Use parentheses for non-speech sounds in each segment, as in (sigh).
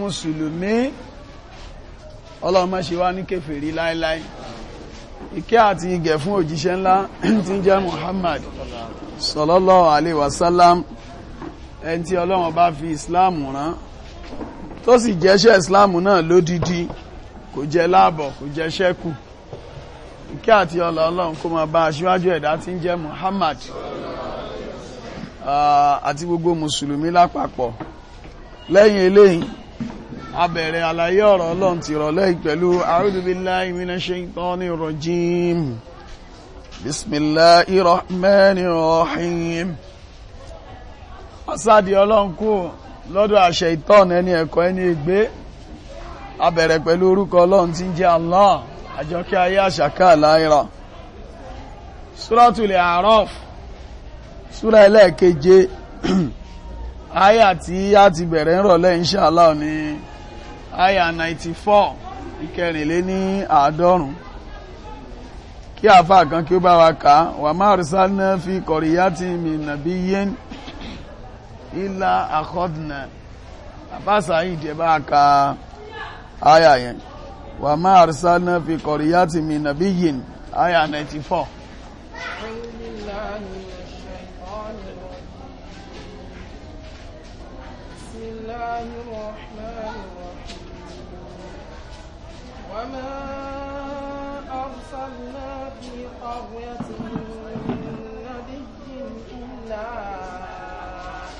mùsùlùmí ọlọ́mọ ṣe wá ní kèfèrí láíláí ìkẹ́ àti ìgẹ̀ fún òjíṣẹ́ ńlá tí ń jẹ́ Muhammad sallallahu alaihi wasallam ẹni tí Ọlọ́run bá fi Islam rán tó sì jẹ́ṣẹ́ Islam náà lódidi kò jẹ́ láàbọ̀ kò jẹ́ ṣẹ́kù ìkẹ́ àti ọlá Ọlọ́run kó máa bá aṣíwájú ẹ̀dá tí ń jẹ́ Muhammad àti gbogbo mùsùlùmí lápapọ̀ lẹ́yìn eléyìí abẹ̀rẹ̀ àlàyé ọ̀rọ̀ ọlọ́run ti rọ̀lẹ́ ìpẹ̀lú a'udhu billahi minash shaitani rajim bismillahi rahmani rahim asáàdì ọlọ́run kú lọ́dọ̀ àṣẹ ìtọ́n ẹni ẹ̀kọ́ ẹni ègbé abẹ̀rẹ̀ pẹ̀lú orúkọ ọlọ́run tí ń jẹ́ Allah àjọkẹ́ ayé àṣàká láìra suratul A'raf (clears throat) aya ninety four ìkẹrìnléní àádọ́rùn-ún kí àáfàá kan kí ó bá wa kà á wà má rìsánà fi kọ̀rìyàtì mi nàbí yẹn ilà àkọ́dùnà àbáṣà yìí dẹ̀ bá ka aya yẹn wà má rìsánà fi kọ̀rìyàtì mi nàbí yẹn aya ninety four. بسم الله الرحمن وما أرسلنا في قرية من نبي إلا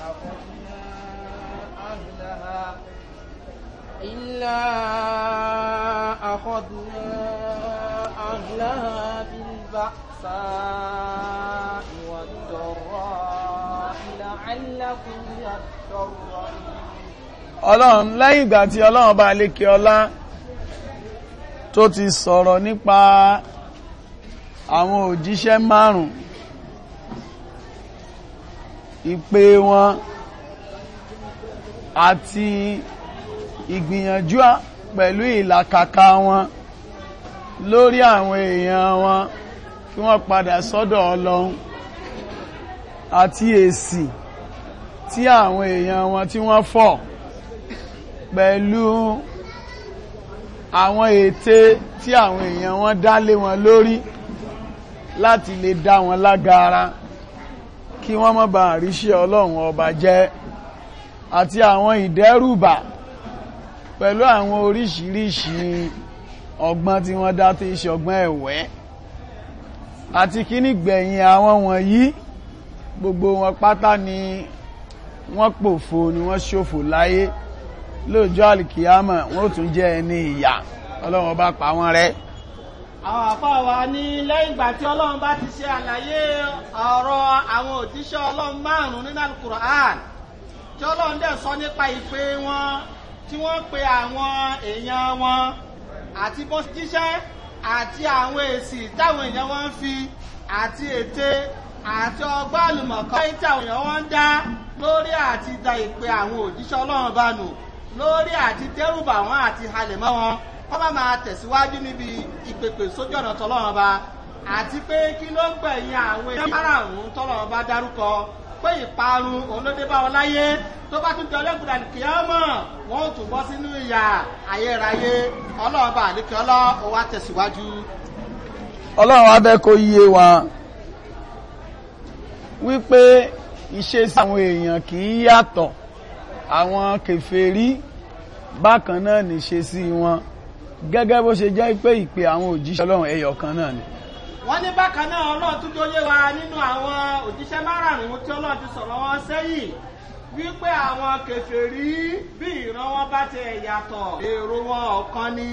أخذنا أهلها إلا أخذنا أهلها بالبأساء والضراء لعلكم يضرعون ọlọ́run lẹ́yìn ìgbà tí ọlọ́run bá lékè ọlá tó ti sọ̀rọ̀ nípa àwọn òjíṣẹ́ márùn ìpè wọn àti ìgbìyànjú pẹ̀lú ìlàkàkà wọn lórí àwọn èèyàn wọn kí wọ́n padà sọ́dọ̀ Ọlọ́run àti èsì tí àwọn èèyàn wọn tí wọ́n fọ̀ pẹ̀lú àwọn ète tí àwọn èèyàn wọn dá lé wọn lórí láti lè dá wọn lágara kí wọ́n má bàa ríṣẹ́ ọlọ́run ọba jẹ́ àti àwọn ìdẹ́rùbà pẹ̀lú àwọn oríṣiríṣi ọgbọ́n tí wọ́n dá tí ṣe ọgbọ́n ẹ̀wẹ́ àti kíní gbẹ̀yìn àwọn wọ̀nyí gbogbo wọn pátá ni wọ́n pòfo ni wọ́n ṣòfò láyé lóòjọ́ alìkìyàmọ̀ wọ́n tún jẹ́ ẹni ìyà ọlọ́run ọba pa wọ́n rẹ́ àwọn àfáà wa ní lẹ́yìn ìgbà tí ọlọ́run bá ti ṣe àlàyé ọ̀rọ̀ àwọn òjíṣẹ́ ọlọ́run márùn-ún nínú alukur'an tí ọlọ́run dẹ̀ sọ nípa ìpè wọn tí wọ́n pe àwọn èèyàn wọn àti bó àti àwọn èsì táwọn èèyàn wọn ń fi àti ète àti ọgbọ́n àlùmọ̀kọ́ tí àwọn èèyàn wọn ń dá lórí àti da ìpè àwọn òjíṣẹ́ ọlọ́run bá nù lórí àti dẹ́rùbà wọn àti halẹ̀ mọ́ wọn wọ́n bá máa tẹ̀síwájú níbi ìpèpè sójú ọ̀nà tọ́lọ́run ọba àti pé kí ló ń gbẹ̀yìn àwọn èèyàn márààrún tọ́lọ́run ọba dárúkọ pé ìparun òun ló dé bá wọn láyé tó bá tún di ọlẹ́gbùdà ní kíámọ̀ wọn ò tún bọ́ sínú ìyà ayérayé ọlọ́run ọba àlékè ọlọ́ ó wá tẹ̀síwájú. ọlọ́run abẹ́ kó yé wa wípé ìṣesí àwọn èèyàn kì í yàtọ̀ àwọn kèfèrí bákan náà ní ṣe sí wọn gẹ́gẹ́ bó ṣe jẹ́ pé ìpè àwọn òjíṣẹ́ ọlọ́run ẹyọ kan náà ni wọ́n ní bákan náà ọlọ́run tún jóyé wa nínú àwọn òjíṣẹ́ márààrún tí ọlọ́run ti sọ̀rọ̀ wọn sẹ́yìn wípé àwọn kèfèrí bí ìran wọn bá ti yàtọ̀ èrò wọn ọ̀kan ni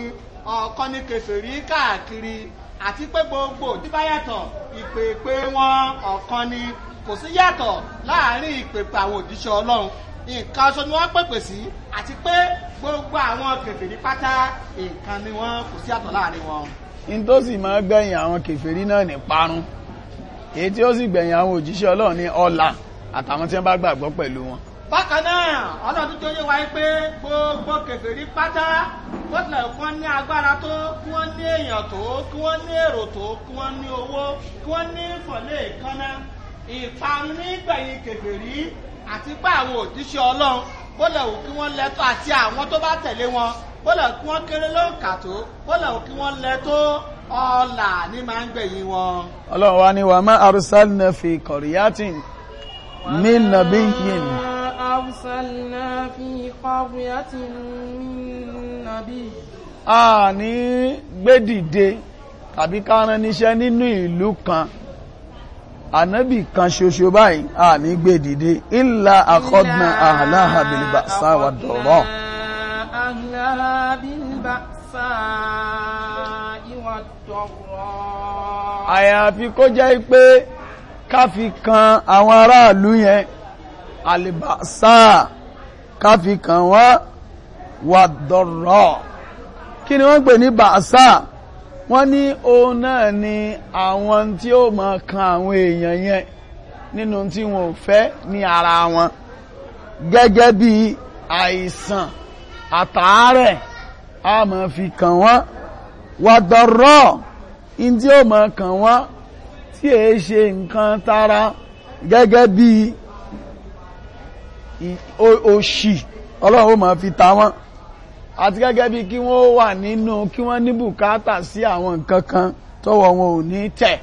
ọ̀kan ni kèfèrí káàkiri àti pé gbogbo tí bá yàtọ̀ ìpèpè wọn ọ̀kan ni kò sí yàtọ̀ láàárín ìpèpè àwọn òjíṣẹ́ ọlọ́run nǹkan aṣọ ni wọ́n pèpè sí àti pé gbogbo àwọn kèfèrí pátá nǹkan ni wọ́n kò sí àtọ̀ láàrin wọn. n tó sì máa gbẹ̀yìn àwọn kèfèrí náà ní parun èyí tí ó sì gbẹ̀yìn àwọn òjíṣẹ́ ọlọ́run ní ọ̀la àtàwọn tí wọ́n bá gbàgbọ́ pẹ̀lú wọn. bákan náà ọlọ́run tó yé wa pé gbogbo kèfèrí pátá bó tilẹ̀ kí wọ́n ní agbára tó kí wọ́n ní èèyàn tó kí wọ́n ní èrò tó kí wọ́n ní owó kí wọ́n ní ìfọ̀lẹ́ ìkànnà ìparun nígbẹ̀yìn kèfèrí àti pé àwọn òjíṣẹ́ ọlọ́run bólà ò kí wọ́n lẹ́tọ́ àti àwọn tó bá tẹ̀lé wọn bólà kí wọ́n kéré lóǹkà tó bólà ò kí wọ́n lẹ́tọ́ ọ̀là ní máa ń gbẹ̀yìn wọn. ọlọ́run wa ni wà má arsalna fi qaryatin min nabiyyin. arsalna fi qaryatin min nabiyyin. a ní gbé dìde tàbí ká rán níṣẹ́ nínú ìlú kan ànábì kan ṣoṣo báyìí a ní gbé dìde ìlà àkọ́dùnà àhàláhà bìlìbà sáwà dọ̀rọ̀ àyàfi kó jẹ́ pé ká fi kan àwọn aráàlú yẹn àlìbàsá ká kan wọ́n wà dọ̀rọ̀ kí ni wọ́n pè ní bàsá wọ́n ní òun náà ni àwọn tí ó ma kan àwọn èèyàn yẹn nínú tí wọn ò fẹ́ ní ara wọn gẹ́gẹ́ bí àìsàn àtàárẹ̀ a ma fi kàn wọ́n wàdọ̀rọ̀ in tí ó máa kàn wọ́n tí èé ṣe nǹkan tara gẹ́gẹ́ bí òṣì ọlọ́run ó máa fi ta wọ́n. àti gẹ́gẹ́ bí kí wọ́n wà nínú kí wọ́n ní bùkátà sí àwọn nǹkan kan tọ́wọ́ wọn ò ní tẹ̀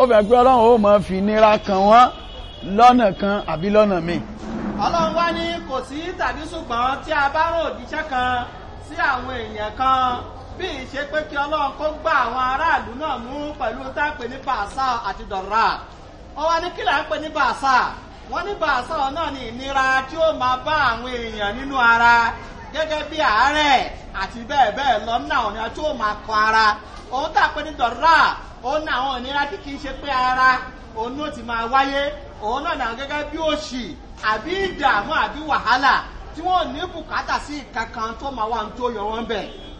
ó fẹ́ pé ọlọ́run ó máa fi nira kàn wọ́n lọ́nà kan àbí lọ́nà míì. ọlọ́run wá ní kò sí tàbí ṣùgbọ́n tí a bá rò òjíṣẹ́ kan sí àwọn èèyàn kan bí ìṣe pé kí ọlọ́run kó gba àwọn aráàlú náà mú pẹ̀lú táàpẹ̀ ní bàṣà àti dọ̀rà wọ́n wá ní kí là ń pè ní bàṣà wọ́n ní bàṣà náà ní ìnira tí ó máa bá àwọn èèyàn nínú ara gẹ́gẹ́ bí àárẹ̀ àti bẹ́ẹ̀ bẹ́ẹ̀ lọ ní àwọn ènìyàn máa kọ ara òun tà pé ní dọ̀rá òun ní àwọn ìnira tí kì í ṣe pé ara òun ló ti máa wáyé òun náà náà gẹ́gẹ́ bí òṣì àbí ìdààmú àbí wàhálà tí wọ́n ní bùkátà sí ìkankan tó máa wà ní tó yọ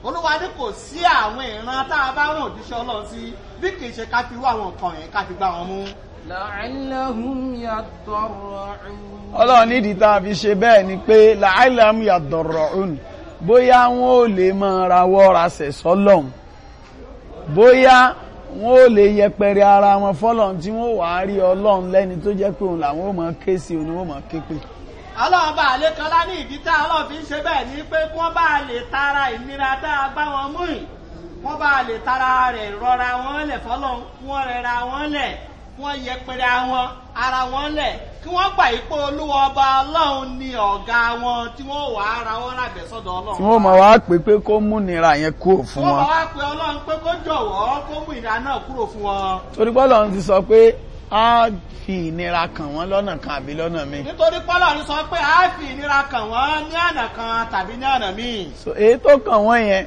olúwa ní kò sí àwọn ìran tá a bá rán òjíṣẹ́ ọlọ́run sí bí kì ṣe ká fi wá àwọn nǹkan yẹn ká fi gbá wọn mú. ọlọ́run nídìí tá a fi ṣe bẹ́ẹ̀ ni pé la'allahum yadarra'un bóyá wọn ò lè máa rawọ́ rasẹ̀ sọ́lọ́run bóyá wọn ò lè yẹpẹrẹ ara wọn fọ́lọ́run tí wọ́n wàá rí ọlọ́run lẹ́ni tó jẹ́ pé òun làwọn ò máa ké sí òun ni wọ́n máa ké pè ọlọ́run bá lè kan lá ní ìdí tá ọlọ́run fi ń ṣe bẹ́ẹ̀ ni pé kí wọ́n bá lè tara ìnira tá a bá wọn mú yìí wọ́n bá lè tara rẹ̀ rọra wọn lẹ̀ fọlọ́run kí rẹra wọn lẹ̀ kí yẹpẹrẹ àwọn ara wọn lẹ̀ kí wọ́n gbà ipò olúwa ọba ọlọ́run ni ọ̀gá wọn tí wọ́n wà ara wọn lábẹ́ sọ́dọ̀ ọlọ́run. tí wọ́n máa wá pé pé kó mú nira yẹn kúrò fún wọn. wọ́n máa wá pé ọlọ́run pé kó jọ̀wọ́ kó mú ìnira kúrò fún wọn. torí bọ́lá á fi ìnira kàn wọ́n lọ́nà kan àbí lọ́nà míì. nítorí pọ́lọ̀ ń sọ pé á fi ìnira kàn wọ́n ní àná kan tàbí ní àná míì. so èyí tó kàn wọ́n yẹn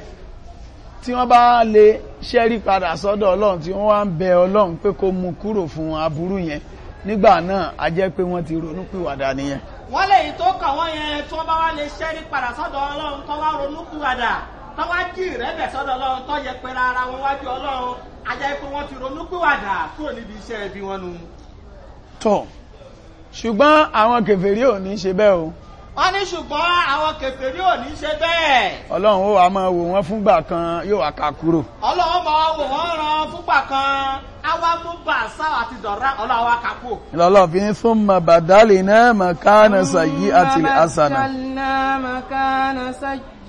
tí wọ́n bá lè ṣẹ́rí padà sọ́dọ̀ ọlọ́run tí wọ́n wá ń bẹ ọlọ́run pé kó mú kúrò fún aburú yẹn nígbà náà a jẹ́ pé wọ́n ti ronú pìwàdà nìyẹn. wọ́n lè yìí tó kàn wọ́n yẹn tí wọ́n bá wá lè ṣẹ́rí padà sọ́dọ̀ ọlọ́run tó wá ronú pìwàdà tọ́wá jí ìrẹ́bẹ̀ sọ́dọ̀ ọlọ́run tọ́ yẹ pé rárá wọn wájú ọlọ́run ajá ipò wọn ti ronú pìwàdà kúrò níbi iṣẹ́ ẹbí wọn nu. tọ ṣùgbọ́n àwọn kèfèrí ò ní ṣe bẹ́ẹ̀ o. wọ́n ní ṣùgbọ́n àwọn kèfèrí ò ní ṣe bẹ́ẹ̀. ọlọ́run ó wàá máa wò wọ́n fúngbà kan yóò wá ká kúrò. ọlọ́run máa wò wọ́n ràn fúngbà kan àwa mú bàṣà àti dọ̀rá ọlọ́run wá ká kú. lọ́lọ́ fi ń fún mọ bàdálì náà mọ̀ káà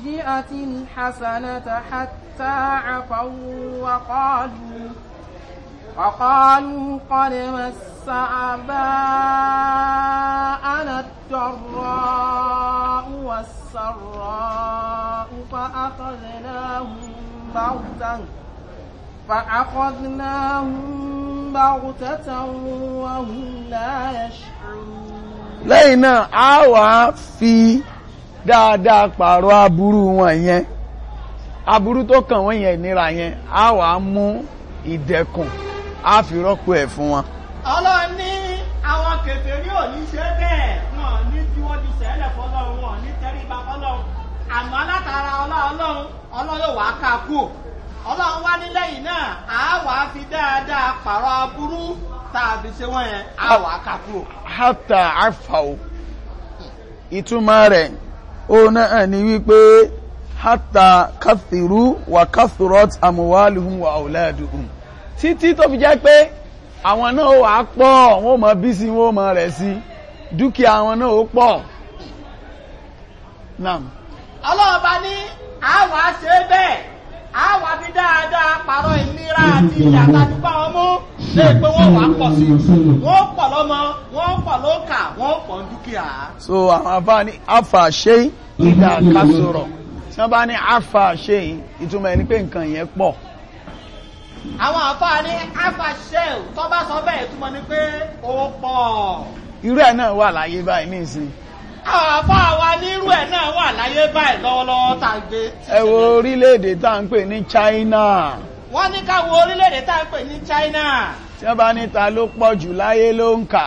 سيئة حسنة حتى عفوا وقالوا وقالوا قد مس آباءنا الضراء والسراء فأخذناهم بغتة فأخذناهم بغتة وهم لا يشعرون. لينا náà a dáadáa pààrọ̀ aburú wọn yẹn aburú tó kàn wọ́n yẹn ìnira yẹn á wàá mú ìdẹ̀kùn á fi rọ́pò ẹ̀ fún wọn. ọlọ́run ní àwọn kèfèrí ò ní ṣe bẹ́ẹ̀ wọn ní tí wọ́n ti sẹ́lẹ̀ fọlọ́run wọn ní tẹríba fọlọ́run àmọ́ látara ọlọ́run ọlọ́run wàá kà kú ọlọ́run wá nílẹ̀ yìí náà á wàá fi dáadáa pààrọ̀ aburú tàbí ṣe wọ́n yẹn á wàá kà kú. hátà àfàwò ìtumọ̀ rẹ̀ ó náà ni wípé hátà kàfìrú wà kàfìrọ́t àmúwálùhùn wà ọ̀lẹ́dùhùn títí tó fi jẹ́ pé àwọn náà wà á pọ̀ wọ́n ó mọ bí sí wọ́n ó rẹ̀ sí dúkìá àwọn náà ó pọ̀ náà. ọlọ́ọ̀bá ní àwọn àṣẹ bẹ́ẹ̀. àwọn àbí dáadáa pàrọ̀ ìnira àti ìyàtàdúgbà ọmú lè pé wọ́n wà pọ̀ sí wọ́n pọ̀ lọ́mọ wọ́n pọ̀ lókà wọ́n pọ̀ dúkìá. so àwọn afá ní afa ṣe ìdá kásòrò tí wọ́n bá ní afa ṣe ìtumọ̀ ẹni pé nǹkan yẹn pọ̀. àwọn afá ní afa ṣe tó bá sọ bẹ́ẹ̀ ìtumọ̀ ni pé ó pọ̀. irú ẹ̀ náà wà láyé báyìí nísìnyí àfa àwa nírú ẹ̀ náà wà láyé báyìí lọ́wọ́lọ́wọ́ tá a gbé. ẹ wo orílẹ̀-èdè tá à ń pè ní China. wọ́n ní ká wo orílẹ̀-èdè tá à ń pè ní China. tí wọ́n bá níta ló pọ̀ jù láyé ló ń kà.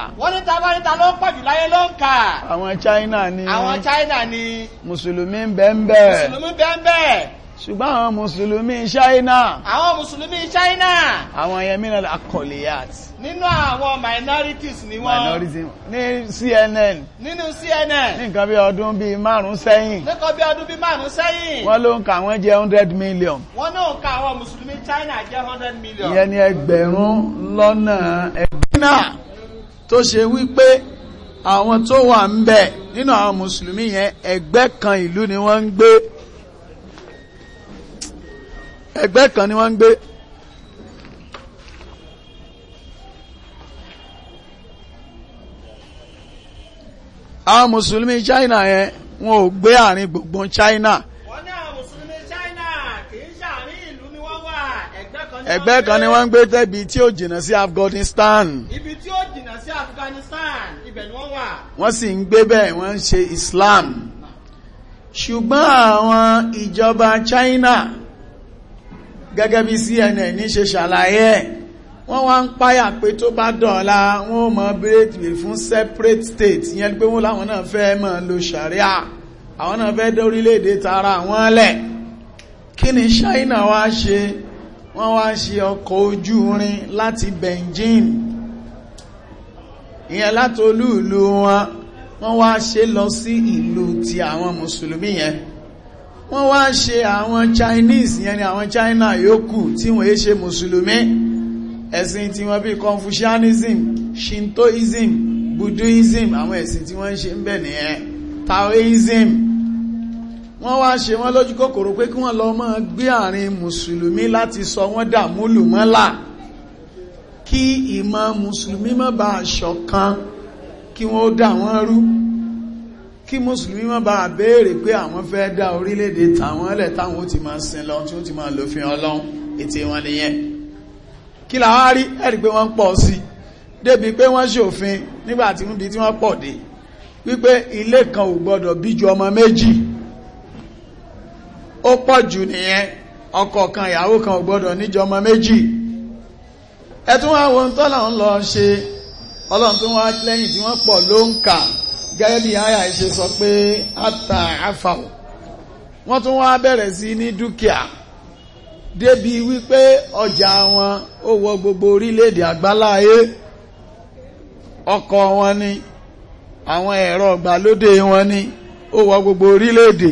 China ni. àwọn China ni. mùsùlùmí bẹ́ẹ̀ bẹ́ẹ̀. mùsùlùmí bẹ́ẹ̀ bẹ́ẹ̀. ṣùgbọ́n àwọn mùsùlùmí China. àwọn mùsùlùmí China. àwọn yẹn mìíràn akọ̀lẹ́yàt. nínú àwọn minorities ni wọ́n. ní CNN. nínú CNN. ní nǹkan bí ọdún bíi márùn sẹ́yìn. nǹkan bí ọdún bíi márùn sẹ́yìn. wọ́n ló ń ka àwọn jẹ́ hundred million. wọ́n ló ń ka àwọn mùsùlùmí China jẹ́ hundred million. ìyẹn ni ẹgbẹ̀rún lọ́nà ẹgbẹ̀rún tó ṣe wípé àwọn tó wà ń bẹ̀ nínú àwọn mùsùlùmí yẹn ẹgbẹ́ kan ìlú ni wọ́n ń gbé. ẹgbẹ́ kan ni wọ́n gbé àwọn mùsùlùmí China yẹn wọn ò gbé àárín gbùngbùn China. wọ́n ní àwọn mùsùlùmí China kì ẹgbẹ́ kan ni wọ́n ń gbé tẹ́bi tí ó jìnnà sí Afghanistan. ibi tí ó jìnnà sí wọ́n wà. wọ́n sì wọ́n ń Islam ṣùgbọ́n àwọn ìjọba China gẹ́gẹ́ bí CNN ṣe ṣàlàyé ẹ̀ wọ́n wá ń páyà pé tó bá dọ̀la wọ́n mọ bírèdìwé fún separate state yẹn pé wọ́n láwọn náà fẹ́ mọ̀ lo sharia àwọn náà fẹ́ dórílẹ̀-èdè tara wọn lẹ̀ kí ni China wá ṣe wọ́n wá ṣe ọkọ̀ ojú irin láti Beijing ìyẹn látolú ìlú wọn wọ́n wá ṣe lọ sí ìlú ti àwọn mùsùlùmí yẹn wọ́n wá ṣe àwọn Chinese yẹn ni àwọn China yòókù tí wọ́n yé ṣe mùsùlùmí ẹ̀sìn tí wọ́n bí Confucianism Shintoism Buddhism àwọn ẹ̀sìn tí wọ́n ń ṣe ń bẹ̀ nìyẹn Taoism wọ́n wá ṣe wọ́n lójú kòkòrò pé kí wọ́n lọ mọ́ gbé àárín mùsùlùmí láti sọ wọ́n dà múlùmọ́là kí ìmọ̀ mùsùlùmí má bàa ṣọ̀kan kí wọ́n dà wọ́n rú kí mùsùlùmí má bá béèrè pé àwọn fẹ́ dá orílẹ̀-èdè tàwọn ẹlẹ̀ táwọn ó ti máa sin lọ tí ó ti máa lòfin ọlọ́run ètè wọn nìyẹn kí làwọn á rí ẹ̀rí pé wọ́n ń pọ̀ sí débi pé wọ́n ṣòfin nígbà tí wọ́n bí tí wọ́n pọ̀ dé wípé ilé kan ò gbọ́dọ̀ bí ju ọmọ méjì ó pọ̀ jù nìyẹn ọkọ kan ìyàwó kan ò gbọ́dọ̀ níjọ ọmọ méjì ẹ̀tún wọn àwọn tọ́lọ̀ ń lọ ṣe ọlọ́run tó wá lẹ́yìn tí wọ́n pọ̀ ló ń kà gẹ́gẹ́ bí àyà ìṣe sọ pé àtà àfàwò wọ́n tún wá bẹ̀rẹ̀ sí ní dúkìá débi wípé ọjà wọn ó wọ gbogbo orílẹ̀-èdè àgbáláyé ọkọ̀ wọn ni àwọn ẹ̀rọ ọ̀gbàlódé wọn ni ó wọ gbogbo orílẹ̀-èdè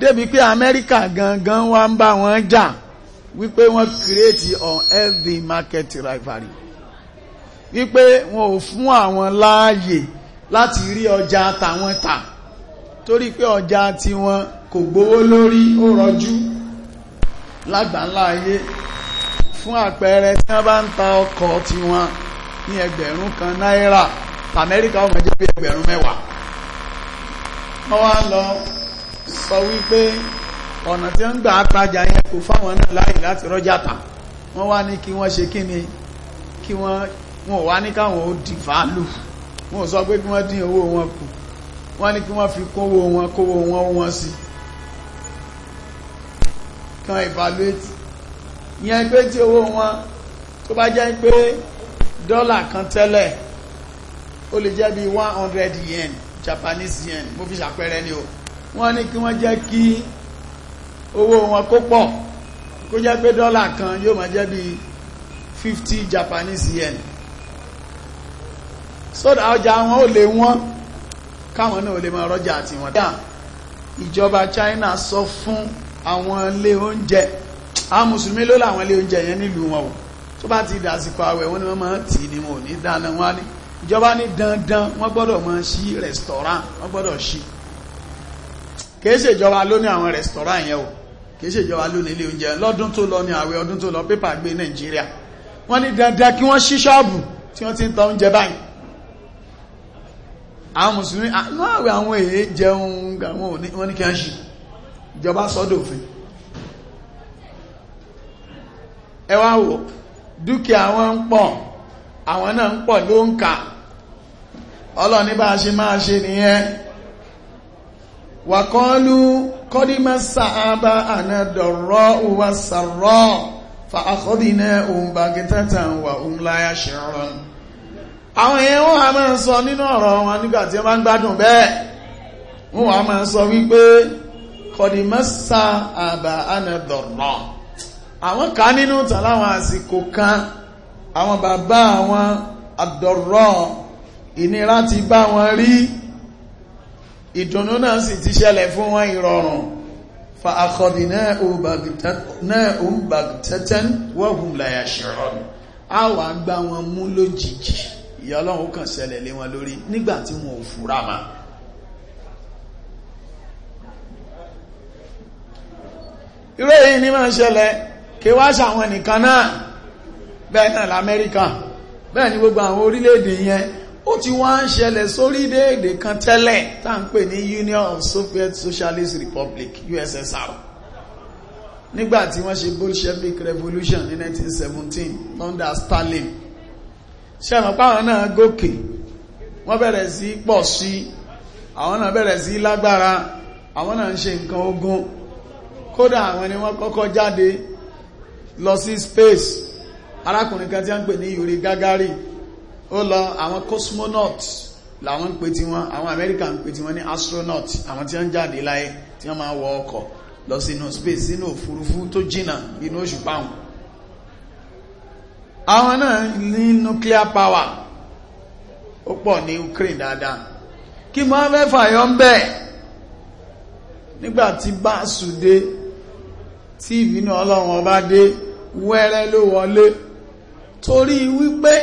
débi pé Amẹ́ríkà gangan wá ń bá wọn jà wípé wọ́n create unhealthy market rivalry wípé wọn ò fún àwọn láàyè láti rí ọjà tàwọn tà torí pé ọjà tiwọn kò gbówó lórí ó rọjú lágbàńlá ayé fún àpẹẹrẹ tí wọ́n bá ń ta ọkọ̀ tiwọn ní ẹgbẹ̀rún kan náírà Amẹ́ríkà ó máa jẹ́ bí ẹgbẹ̀rún mẹ́wàá wọ́n wá lọ sọ wípé ọ̀nà tí ń gbà àtajà yẹn kò fáwọn náà láàyè láti rọ́jà tà wọ́n wá ní kí wọ́n ṣe kí ni kí wọ́n wọ́n wá ní káwọn ó dìválù wọn sọ pé kí wọ́n dín owó wọn kù wọ́n ní kí wọ́n fi kówó wọn kówó wọn wọ́n sí kan evaluate yẹn pé tí owó wọn tó bá jẹ́ pé dọ́là kan tẹ́lẹ̀ ó lè jẹ́ bí one hundred yen Japanese yen mo fi ṣàpẹẹrẹ ni o wọ́n ní kí wọ́n jẹ́ kí owó wọn kó pọ̀ kó jẹ́ pé dọ́là kan yóò máa jẹ́ bí fifty Japanese yen sódà ọjà wọn ò lè wọ́n káwọn náà ò lè máa rọ́jà àti wọn. ìjọba China sọ fún àwọn ilé oúnjẹ àwọn mùsùlùmí ló láwọn ilé oúnjẹ yẹn nílùú wọn o tó bá ti dàsìkò àwẹ̀ wọn ni wọ́n máa tì ní wọn ò ní dáná wọn á ní ìjọba ní dandan wọ́n gbọ́dọ̀ máa ṣí restaurant wọ́n gbọ́dọ̀ ṣí kìí ṣe ìjọba ló ní àwọn restaurant yẹn o kìí ṣe ìjọba ló ní ilé oúnjẹ lọ́dún tó lọ ní àwẹ̀ ọdún tó lọ pépà gbé Nàìjíríà wọ́n ní dandan kí wọ́n ṣí ṣọ́ọ̀bù tí wọ́n ti ń ta oúnjẹ báyìí àwọn mùsùlùmí àánú ah, àwọn èyí jẹun àwọn wọn ní kí a ṣe ìjọba sọ́dọ̀ òfin ẹwà wò dúkìá wọn ń pọ̀ àwọn náà ń pọ̀ ló ń kà ọlọ́ni bá ṣe máa ṣe nìyẹn wàkọ́lú kọ́dímọ̀ sàábà ànàdọ̀rọ̀ wà sàrọ̀ fa àkọ́dínà òun wà òun láyà ṣẹ̀rọ̀ àwọn èèyàn wọ́n a máa ń sọ nínú ọ̀rọ̀ wọn nígbàtí wọ́n bá ń gbádùn bẹ́ẹ̀ wọ́n a máa ń sọ wípé kọ̀dìmọ́sà àbà anadọ̀rọ̀ àwọn kan nínú tàn láwọn àsìkò kan àwọn bàbá àwọn àdọ̀rọ̀ ìnira ti bá wọn rí ìdùnnú náà sì ti ṣẹlẹ̀ fún wọn ìrọ̀rùn fa àkọ̀dìnà òun bàgìtẹ́tẹ́ wọ́n hùn láyà ṣẹ̀rọ̀ a wà gbá wọn mú lójijì ìyà ọlọ́run kàn ṣẹlẹ̀ lé wọn lórí nígbà tí wọn ò fura ma irú èyí ní máa ṣẹlẹ̀ kí wá ṣàwọn nìkan náà bẹ́ẹ̀ náà l'Amẹ́ríkà bẹ́ẹ̀ ni gbogbo àwọn orílẹ̀-èdè yẹn ó ti wá ń ṣẹlẹ̀ sórílẹ̀-èdè kan tẹ́lẹ̀ tá ń pè ní Union of Soviet Socialist Republic USSR nígbà tí wọ́n ṣe Bolshevik Revolution ní 1917 under Stalin ṣẹ́mọ̀ páwọn náà gòkè wọ́n bẹ̀rẹ̀ sí pọ̀ sí àwọn náà bẹ̀rẹ̀ sí lágbára àwọn náà ń ṣe nǹkan ogun kódà àwọn ni wọ́n kọ́kọ́ jáde lọ sí space arákùnrin kan tí a ń pè ní Yuri Gagari ó lọ àwọn cosmonaut làwọn ń pè tí wọ́n àwọn Amẹ́ríkà ń pè tí wọ́n ní astronaut àwọn tí wọ́n jáde láyé tí wọ́n máa wọ ọkọ̀ lọ sínú space sínú òfurufú tó jìnnà inú oṣù àwọn náà ní nuclear power ó pọ̀ ní Ukraine dáadáa kí máa fẹ́ fàyọ́ ń bẹ̀ nígbàtí báàsù dé tí ìbínú ọlọ́run ọba dé wẹ́rẹ́ ló wọlé torí wípé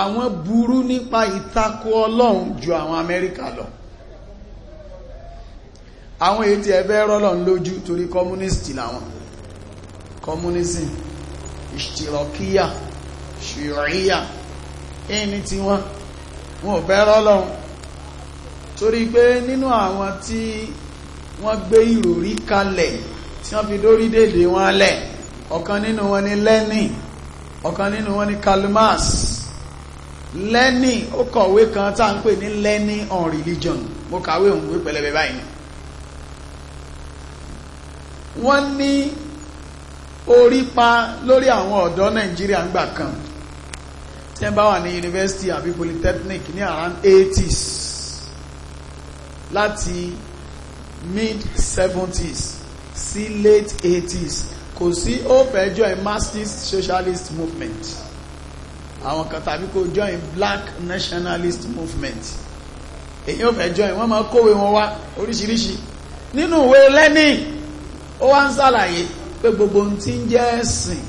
àwọn burú nípa ìtakò ọlọ́run ju àwọn Amẹ́ríkà lọ àwọn èyí tí ẹbẹ́ rọ́lọ́n lójú torí communist làwọn communism ìṣtìrọ̀kíyà ṣùríyà ẹni tí wọ́n wọn ò bẹ̀rọ ọlọ́run torí pé nínú àwọn tí wọ́n gbé ìròrí kalẹ̀ tí wọ́n fi dórí dèdè wọn lẹ̀ ọ̀kan nínú wọn ni Lenin ọ̀kan nínú wọn ni Karl Marx ó kọ̀wé kan tá à ń pè ní Lenin on religion mo kàwé òun gbé pẹlẹbẹ báyìí wọ́n ní orí pa lórí àwọn ọ̀dọ́ Nàìjíríà ń gbà kan tẹ́ bá wà ní yunifásitì àbí polytechnic ní around eighties láti mid s sí late eighties kò sí ó fẹ́ join marxist socialist movement àwọn kan tàbí kò join black nationalist movement èyí ó fẹ́ join wọ́n máa kówé wọn wá oríṣiríṣi nínú ìwé lẹ́nìí ó wá ń ṣàlàyé pé gbogbo ohun tí ń jẹ́ ẹ̀sìn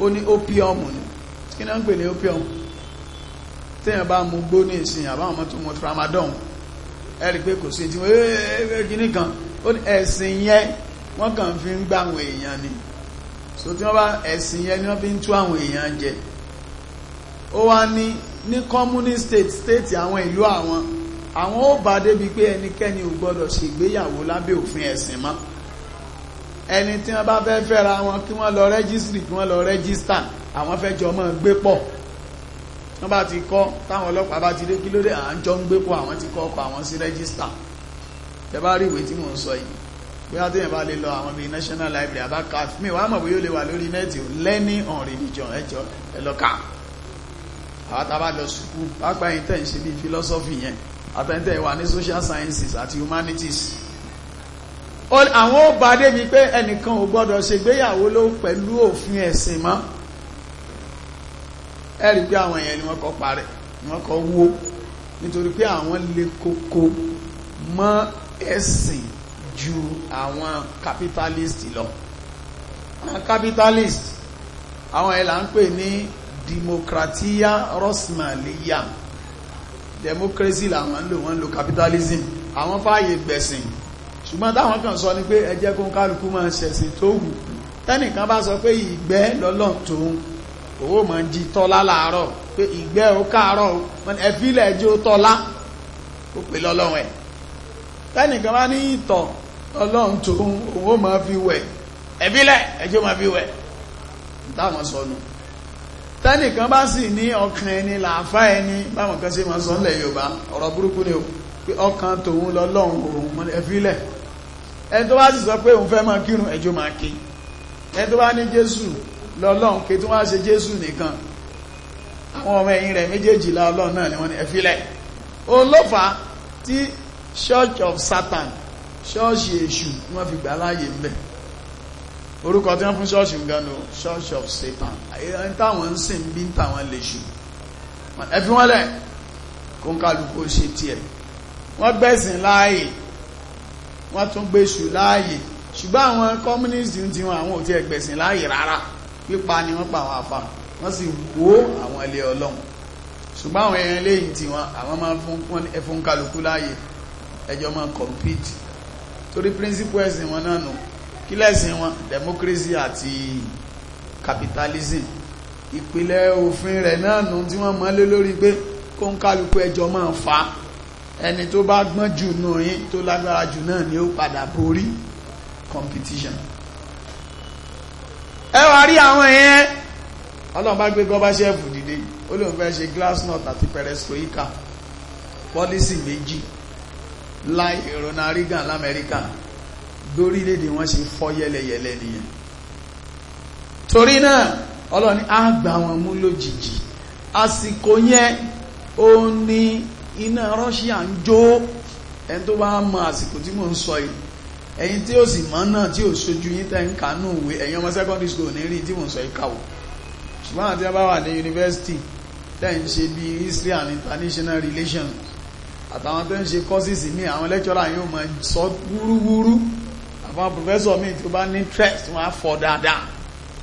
ó ní opium ni kí náà ń pè ní opium téèyàn bá mú gbó ní ìsìn àbáwọn ọmọ tó mú tramadol ẹ rí pé kò sí tí wọ́n ẹ́ẹ́ kíní kan ó ní ẹ̀sìn yẹn wọ́n kàn fi ń gbà àwọn èèyàn ni so tí wọ́n bá ẹ̀sìn yẹn ni wọ́n fi ń tú àwọn èèyàn jẹ ó wá ní ní communist state state àwọn ìlú àwọn àwọn ó bá débi pé ẹnikẹ́ni ò gbọ́dọ̀ ṣègbéyàwó lábẹ́ òfin ẹ̀sìn mọ́ ẹni tí wọ́n bá fẹ́ fẹ́ra wọn kí wọ́n lọ rẹ́gísírì kí wọ́n lọ rẹ́gísítà àwọn fẹ́ jọ mọ́ gbé pọ̀ wọ́n bá ti kọ́ táwọn ọlọ́pàá bá ti dé kí ló dé à ń jọ ń gbé pọ̀ àwọn ti kọ́ ọkọ̀ àwọn sí rẹ́gísítà ẹ bá rí ìwé tí mò ń sọ yìí bóyá tó yẹn bá lè lọ àwọn bíi national library àbá caf mi wàá mọ̀ bóyá ó lè wà lórí nẹ́ẹ̀tì o learning on religion ẹjọ́ ẹ lọ kà àwọn tá a bá lọ sùkúù pápá yìí tẹ̀ ń ṣe bíi philosophy yẹn àtẹ̀ntẹ̀ wà ní social sciences àti humanities àwọn ó bá débi pé ẹnìkan ò gbọ́dọ̀ ṣègbéyàwó ló pẹ̀lú òfin ẹ̀sìn mọ́ ẹ̀rí pé àwọn èèyàn ni wọ́n kọ́ parẹ́ ni wọ́n kọ́ wó nítorí pé àwọn le koko mọ́ ẹ̀sìn ju àwọn capitalist lọ àwọn capitalist àwọn ẹ̀là ń pè ní democratia rosmaliya democracy làwọn ń lò wọ́n ń lò capitalism àwọn fààyè gbẹ̀sìn ṣùgbọ́n táwọn kan sọ ní pé ẹ jẹ́ kó kálukú máa ṣẹ̀sìn tó wù tẹ́nìkan bá sọ pé ìgbẹ́ lọ́lọ́ tòun owó ma ń jí tọ́lá láàárọ̀ pé ìgbẹ́ ò káàárọ̀ ẹ̀fílẹ̀ ẹjọ́ tọ́lá ó pè lọ́lọ́run ẹ̀ tẹ́nìkan bá ní ìtọ̀ ọlọ́run fi wẹ̀ ẹ̀fílẹ̀ ẹjọ́ ma fi wẹ̀ táwọn sọnù tẹ́nìkan bá sì ní ọkàn ẹni ẹni báwọn kan máa sọ ńlẹ̀ Yorùbá ọ̀rọ̀ burúkú ni o pé ọkàn tòun lọ́lọ́run òun ẹ̀fílẹ̀ ẹni tó bá sì sọ pé òun fẹ́ máa kírun ẹjọ́ máa kí ẹni tó bá ní lọ́lọ́run kí tí wọ́n á ṣe jésù nìkan àwọn ọmọ ẹ̀yìn rẹ̀ méjèèjìlá ọlọ́run náà ni wọ́n ní ẹ̀fílẹ̀ olófà tí church of satan church èṣù wọ́n fi gbà láàyè ń bẹ̀ orúkọ tí wọ́n fún ṣọ́ọ̀ṣì ń ganu church of satan ẹni táwọn ń sìn bí táwọn lè ṣù ẹ̀fí wọ́n lẹ̀ kó ń kálukú ṣe tiẹ̀ wọ́n gbẹ̀sìn láàyè wọ́n tún gbèṣù láàyè ṣùgbọ́n àwọn communist ti wọn àwọn ò tiẹ̀ gbẹ̀sìn láàyè rárá pípa ni wọ́n pa àwọn àfà wọ́n sì wó àwọn ilé ọlọ́run ṣùgbọ́n àwọn ẹran lẹ́yìn tí wọ́n àwọn máa fún wọn ẹfún kálukú láàyè ẹjọ́ máa compete torí principle ẹ̀sìn wọn náà nù kí lẹ́sìn wọn democracy àti capitalism ìpìlẹ̀ òfin rẹ̀ náà nù tí wọ́n máa lé lórí pé kó ń kálukú ẹjọ́ máa fa ẹni tó bá gbọ́n jù nù yín tó lágbára jù náà ni ó padà borí competition ẹ wá rí àwọn yẹn ọlọ́run bá gbé gọ́bá ṣẹ́ẹ̀fù dìde ó lóun fẹ́ ṣe glassnut àti perestroika pọ́lísì méjì láì Ronald Reagan lamẹ́ríkà lórílẹ̀-èdè wọn ṣe fọ́ yẹ́lẹyẹ̀lẹ nìyẹn torí náà ọlọ́run ní á gbà wọn mú lójijì àsìkò yẹn ó ní iná Russia ń jó ẹni tó bá mọ àsìkò tí mò ń sọ yìí ẹ̀yin tí ó sì mọ̀ náà tí ò ṣojú yín tẹ́ ń kánú ìwé ẹ̀yin ọmọ secondary school ní rí tí mò sọ ìka ṣùgbọ́n àti ọba wà ní yunifásitì tẹ́ ń ṣe bí history and international relations àtàwọn tó ń ṣe courses mi àwọn lecturer yóò mọ̀ sọ wúrúwúrú àwọn professor mi tó bá ní interest wọn á fọ dáadáa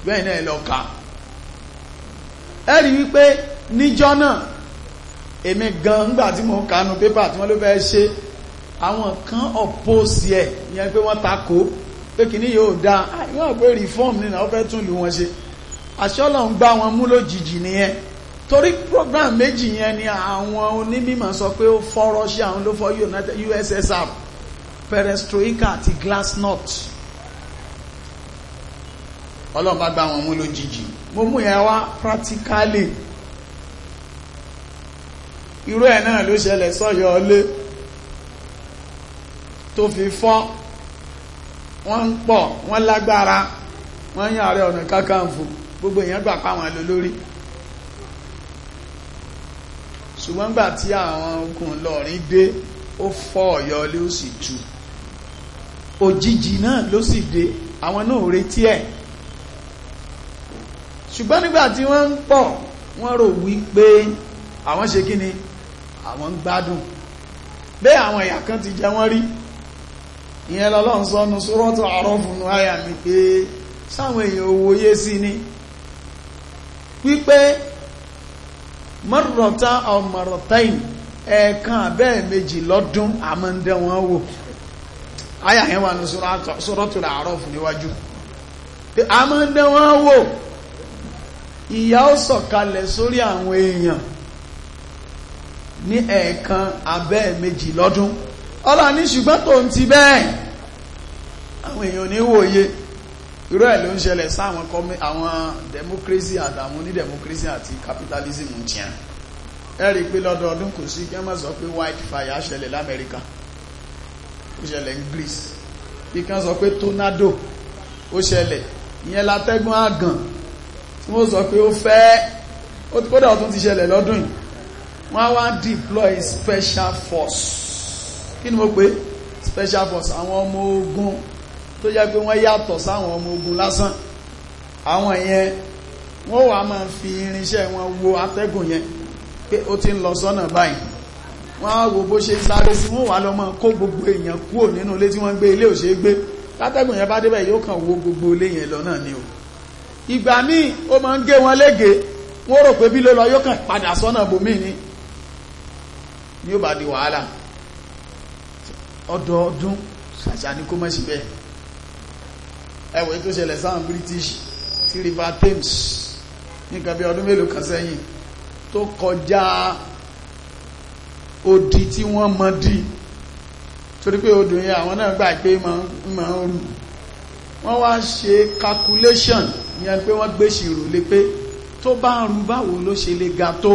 bẹ́ẹ̀ náà lọ kà ẹ rí wípé níjọ́ náà èmi gan-an nígbà tí mo kanu pépà tí wọ́n ló fẹ́ ṣe àwọn kan oppose ẹ̀ ìyẹn pé wọ́n takò pé kìíní yóò dáa ah, yóò pé reform nínú ó tún lù wọ́n ṣe àṣẹ Ọlọ́run gbá wọn mú lójijì nìyẹn torí program méjì yẹn ni àwọn onímọ̀ sọ pé ó fọ́ Russia àwọn ló fọ́ USSR perestroika àti glasnost Ọlọ́run bá gbá wọn mú lójijì mo mú yẹn wá practically irú ẹ̀ náà ló ṣẹlẹ̀ sọ́yọ́ ọlé tó fi fọ́ wọ́n ń pọ̀ wọ́n lágbára wọ́n yàn Ààrẹ Ọ̀nà Kakanfò gbogbo èèyàn gbà páwọn olórí ṣùgbọ́n gbà tí àwọn ogun lọ́rin dé ó fọ́ Ọ̀yọ́ lé ó sì tú òjijì náà ló sì dé àwọn náà ò retí ẹ̀ ṣùgbọ́n nígbà tí wọ́n ń pọ̀ wọ́n rò wípé àwọn ṣe kí ni àwọn ń gbádùn bẹ́ẹ̀ àwọn ìyà kan ti jẹ wọ́n rí ìyẹn lọ́lọ́n sọ́nu sórọ́tọ̀ àrọ́fùnú àyà mi pé sáwọn èèyàn owó yé sí ní wípé mọ́rọ̀ta ọmọrọ̀tẹ́yìn ẹ̀ẹ̀kan abẹ́ẹ̀ méjì lọ́dún àmọ́ndẹ́ wọn wò àyà yẹn wà ní sórọ́tọ̀ àrọ́fù níwájú àmọ́ndẹ́ wọn wò ìyà ó sọ̀kalẹ̀ sórí àwọn èèyàn ní ẹ̀ẹ̀kan abẹ́ẹ̀ ọlọ́run ní ṣùgbọ́n tó ń ti bẹ́ẹ̀ àwọn èèyàn ní wòye irú ẹ̀ ló ń ṣẹlẹ̀ sáwọn àwọn democracy àtàwọn onídemocracy àti capitalism jìyàn ẹ rí i pé lọ́dọọdún kò sí kí wọ́n máa sọ pé white fire ṣẹlẹ̀ lamẹ́ríkà ó ṣẹlẹ̀ ní Greece bí kan sọ pé tornado ó ṣẹlẹ̀ ìyẹn látẹ́gùn àgàn tí wọ́n sọ pé ó fẹ́ ó kódà ó tún ti ṣẹlẹ̀ lọ́dún yìí wọ́n á wá deploy special force kí ni mo pè special force àwọn ọmọ ogun tó jẹ́ pé wọ́n yàtọ̀ sáwọn ọmọ ogun lásán àwọn yẹn wọ́n wà máa fi irinṣẹ́ wọn wo atẹ́gùn yẹn pé ó ti ń lọ sọ́nà báyìí wọ́n á wo bó ṣe sáré sí wọ́n wà lọ máa kó gbogbo èèyàn kúrò nínú ilé tí wọ́n gbé ilé òṣè gbé látẹ́gùn yẹn bá débẹ̀ yóò kàn wo gbogbo ilé yẹn lọ náà ni o ìgbà míì ó máa ń gé wọn lége wọ́n rò pé bí ló lọ yóò kàn padà sọ́nà bòmíì ni yóò bá di wàhálà ọdọọdún ṣàṣà ní kó mọ́ sí bẹ́ẹ̀ ẹwẹ́ tó ṣẹlẹ̀ sáwọn British ti River Thames nǹkan bí ọdún mélòó kan sẹ́yìn tó kọjá odi tí wọ́n mọ́ dí torí pé odò yẹn àwọn náà gbà pé máa ń rù wọ́n wá ṣe calculation ìyẹn pé wọ́n gbèṣirò lé pé tó bá rú báwo ló ṣe lè ga tó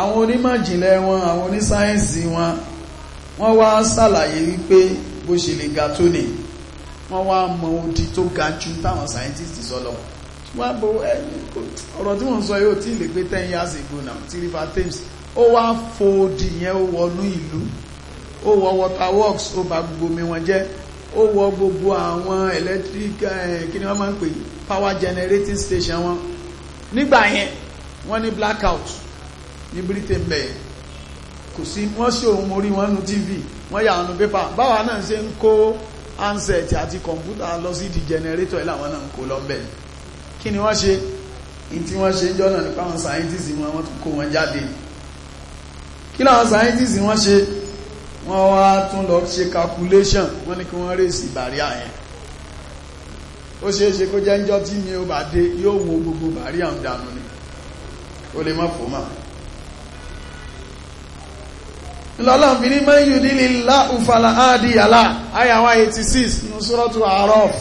àwọn onímọ̀ wọn àwọn onísáyẹ́ǹsì wọn wọ́n wá ṣàlàyé wípé bó ṣe lè ga tó nì wọ́n wá mọ odi tó ga jù táwọn scientist sọ wọ́n bo ẹni ọ̀rọ̀ tí wọ́n sọ yóò tí lè pé ten years ago now ti river thames ó wá fo odi yẹn ó wọnú ìlú ó wọ water works ó bà gbogbo mi wọn jẹ́ ó wọ gbogbo àwọn electric kí ni máa ń pè power generating station wọn nígbà yẹn wọ́n ní blackout ní britain bẹ́ẹ̀ kò sí wọ́n sí ohun orí wọn nu tv wọ́n yà ọ̀nà pépà báwa náà ṣe ń kó handset àti kọ̀ǹpútà lọ sí di generator ẹ̀ láwọn náà ń kó lọ́bẹ̀ kí ni wọ́n ṣe in wọ́n ṣe ń jọ́nà nípa àwọn scientist wọn wọ́n tún kó wọn jáde kí láwọn scientist wọ́n ṣe wọ́n wá tún lọ ṣe calculation wọ́n ní kí wọ́n rèsì bàríà yẹn ó ṣe é ṣe kó jẹ́ ń jọ́ tí mi ò bá dé yóò wo gbogbo bàríà ń dànù ni ó lè má fò máa lọ́lọ́n fi ní mẹ́yù nílì láùfàlà àdìyàlá àyàwá 86 ní sọ́rọ̀tù Araf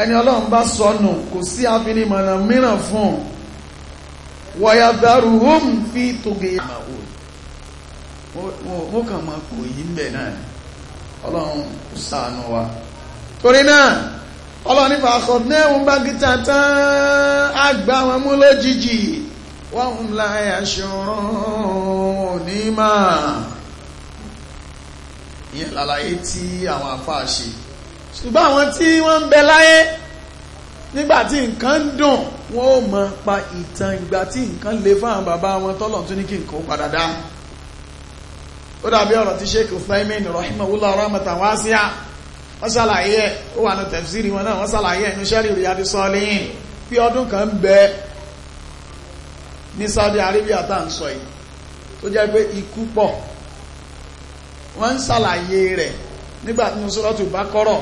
ẹni ọlọ́run bá sọnù kò sí àfinimọ̀nà mìíràn fún wọ̀yàdàrú hóm fi tògè ọlọ́run kò ṣàánú wa torí náà ọlọ́run nípa àkọ́dẹ́hùn bá gíta tán àgbà wọn mú lójijì wọ́n ń la ẹ̀ṣọ́rọ̀ ní máa ìyẹn lálàyé tí àwọn àfáà ṣe ṣùgbọ́n àwọn tí wọ́n ń bẹ láyé nígbàtí nǹkan ń dùn wọ́n ó mọ̀ pa ìtàn ìgbà tí nǹkan le fáwọn bàbá wọn tọ́lọ̀ tún ní kí nǹkan padà dá ó dàbí ọ̀rọ̀ tí sheik uthaymin rahimahullah rahmatan wasi'a wọ́n ṣàlàyé ẹ̀ ó wà ní tafsiri wọn náà wọ́n ṣàlàyé ẹ̀nu sẹ́rì riyadi salihin bí ọdún kan bẹ ní Saudi Arabia tá à ń sọ yìí tó jẹ́ pé ikú pọ̀ wọ́n ń ṣàlàyé rẹ̀ nígbà tí Suratul Baqara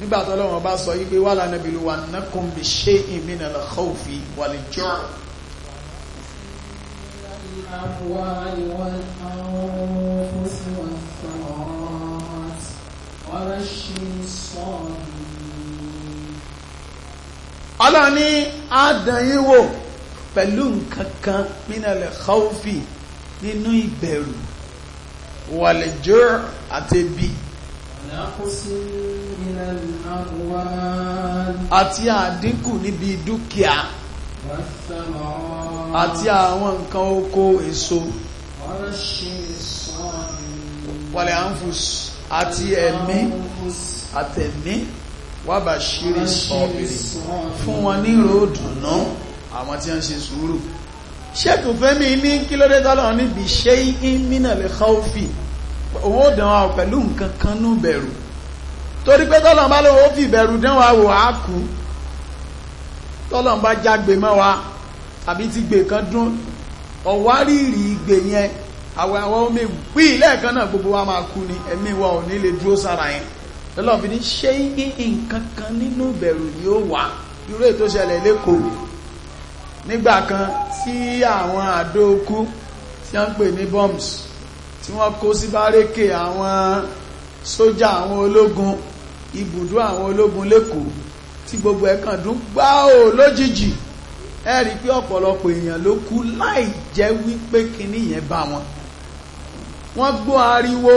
nígbà tí Ọlọ́run bá sọ yìí pé wala nabluwannakum bishay'in minal khawfi wal ju' الأموال والأنفس والثمرات وبشر الصابرين Ọlọ́run ní a dán yín pẹ̀lú nǹkan kan mínàlẹ̀ nínú ìbẹ̀rù wàlẹ̀jọ́ àti bí àti àdínkù níbi dúkìá àti àwọn nǹkan oko èso wàlẹ̀ àǹfùs àti ẹ̀mí àtẹ̀mí wàbà ṣírí sọ̀bìrì fún wọn ní ròdùnú àwọn tí wọ́n ṣe sùúrù ṣẹ́kù fẹ́mi ní kí ló dé tọ́lọ̀ níbi ṣe ìmìnà lè kọ́ọ̀fì owó dánwà pẹ̀lú nǹkan kan nú bẹ̀rù torí pé tọ́lọ̀ bá lówó fi bẹ̀rù dánwà wò á kú tọ́lọ̀ bá jágbe mọ́ wa àbí ti gbè kan dún ọ̀wárìrì ìgbè yẹn àwọn àwọn omi gbí lẹ́ẹ̀kan náà gbogbo wa máa kú ni ẹ̀mí wa ò ní lè dúró sára yẹn tọ́lọ̀ fi ní ṣe nǹkan kan nínú bẹ̀rù ni ó wà irú ètò ṣẹlẹ̀ lẹ́kọ̀ọ́ nígbà kan tí àwọn àdókú tí wọ́n ń pè ní bombs tí wọ́n kó sí bárẹ́kè àwọn sójà àwọn ológun ibùdó àwọn ológun lẹ́kọ̀ọ́ tí gbogbo ẹ̀kan dún gbáò lójijì ẹ rí i pé ọ̀pọ̀lọpọ̀ èèyàn ló kú láì jẹ́ wípé kinní yẹn bá wọn wọ́n gbọ́ ariwo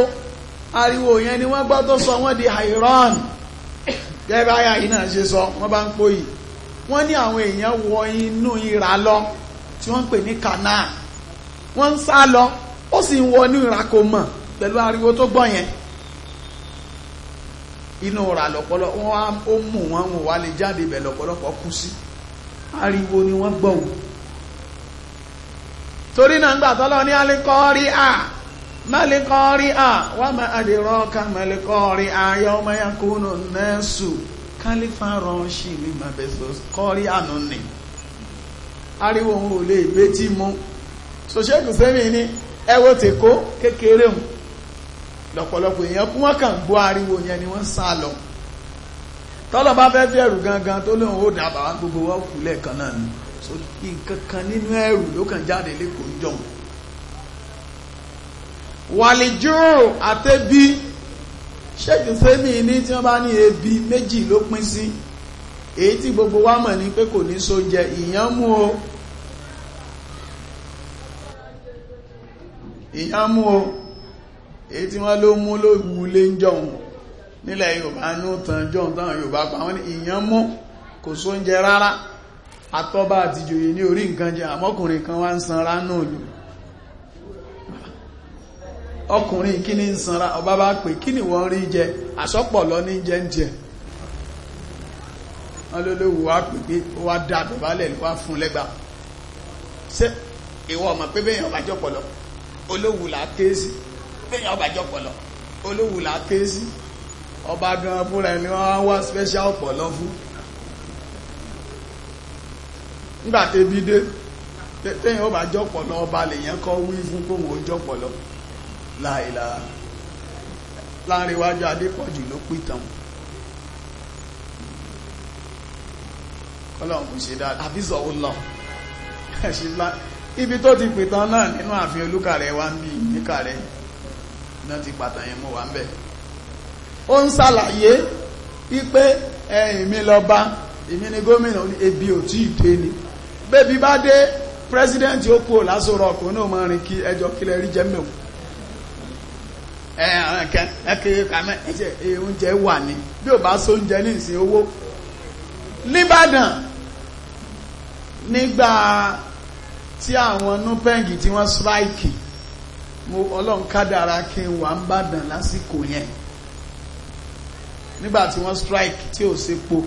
ariwo yẹn ni wọ́n gbọ́ tó sọ wọ́n di iran gẹ́gẹ́ báyà yìí náà ṣe sọ wọ́n bá ń pòyì wọ́n ní àwọn èèyàn wọ inú ìrà lọ tí wọ́n ń pè ní kanáà wọ́n ń sá lọ ó sì ń wọ inú ìrà kò mọ̀ pẹ̀lú ariwo tó gbọ́ yẹn inú ìrà lọ́pọ̀lọ́ wọ́n ó mú wọn wọn wá lè jáde ibẹ̀ lọ́pọ̀lọpọ̀ kú sí ariwo ni wọ́n gbọ́ wò torí náà gbà tọ́lọ́ ní alẹ́kọ́ rí à mẹ́lẹ́kọ́ rí à wọ́n máa dèrò ọkà mẹ́lẹ́kọ́ rí à yọ ọmọ yẹn kúnnù náà sùn. Khalifa Rashid ma versus kọ́rí ànúnì ariwo ohun ò lè gbé tí mú ṣoṣẹ́kù sẹ́mi ní ẹwọ́ ti kó kékeré hùn lọ́pọ̀lọpọ̀ èèyàn kún wọ́n kàn gbọ́ ariwo yẹn ni wọ́n sá lọ tọ́lọ̀ bá fẹ́ bẹ̀rù gangan tó lóun ó dábàá gbogbo wọ́n kú lẹ́ẹ̀kan náà ni so nǹkan kan nínú ẹ̀rù ló kàn jáde lẹ́kọ̀ọ́ jọ̀hún wàlíjúrò àtẹ́bí ṣéèkì fẹ́mi ní tí wọ́n bá ní ebi méjì ló pín sí èyí tí gbogbo wa mọ̀ ní pé kò ní sóúnjẹ ìyàn mú o ìyàn mú o èyí tí wọ́n ló mú ló wù lé ń jọun nílẹ̀ Yorùbá ní ó tàn jọun táwọn Yorùbá pa wọ́n ní ìyàn mú kò sóúnjẹ rárá àtọ́bá àtijọ́ yìí ní orí nǹkan jẹ àmọ́kùnrin kan wá ń sanra náà lò ọkùnrin kí ní sanra ọba bá pè kí ni wọ́n rí jẹ àsọpọ̀lọ ní jẹ́ǹjẹ́ olólówó wá pè pé ó wá dá àdùbálẹ̀ wá fún lẹ́gbà ṣé ìwọ ọmọ pé bẹ́yàn ọba jọpọlọ olówó là ké sí bẹ́yàn ọba jọpọlọ olówó là ké sí ọba gan fúnra ẹni wọ́n wá special ọpọlọ fún nígbà tẹ́bí dé tẹ́yìn ọba jọpọlọ ọba lèyàn kọ́ wí fún kóhùn ó jọpọlọ láìlà láàrínwájú adépọ̀jù ló pìtàn kọ́lọ̀n kò ṣe dáadáa àbísọ̀ ó lọ ibi tó ti pìtàn náà nínú ààfin olúkàrẹ wa ń bí níkàrẹ náà ti pàtàn yẹn mọ́ wa ń bẹ̀ ó ń ṣàlàyé wípé ẹ̀yìn mi lọ bá èmi ni gómìnà ebi ò tí ì dé ni bébí bá dé pírẹsidẹ́ǹtì ó kú ò lásòrò ọkùnrin náà máa rìn kí ẹjọ́ kílẹ̀ rí jẹ́mẹ̀wò àwọn kan ẹkẹrẹ kàmẹ́ ẹjẹ eh, oúnjẹ wà ní bí ò bá so oúnjẹ ní ìsìn owó nìbàdàn nígbà tí àwọn nupẹ́ǹgì tí wọ́n strike mo ọlọ́run kádàrá kí n wà ń bàdàn lásìkò yẹn nígbà tí wọ́n strike tí ò sépo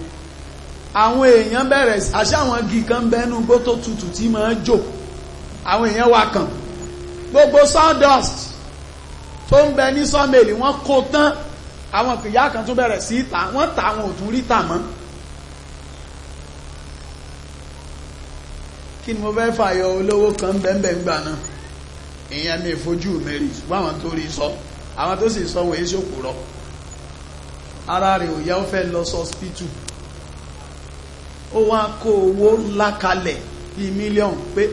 àwọn èèyàn bẹ̀rẹ̀ àṣà àwọn igi kan bẹnu gbó tó tutù tí máa ń jò àwọn èèyàn wa kàn gbogbo sawdust tó ń bẹ ní sọ́mẹ̀lì wọ́n kó tán àwọn ìyá kan tún bẹ̀rẹ̀ sí tà wọ́n tà àwọn òtún rí tà mọ́ kí ni mo fẹ́ fàyọ olówó kan bẹ́ẹ̀ gbà náà ìyẹn mi fojú mẹ́rì ṣùgbọ́n àwọn tó rí sọ àwọn tó sì sọ wọ́n èyí ṣòkò rọ ara rẹ̀ ò yá ó fẹ́ lọ sọ́spítù ó wá kó owó ńlá kalẹ̀ bíi mílíọ̀nù pé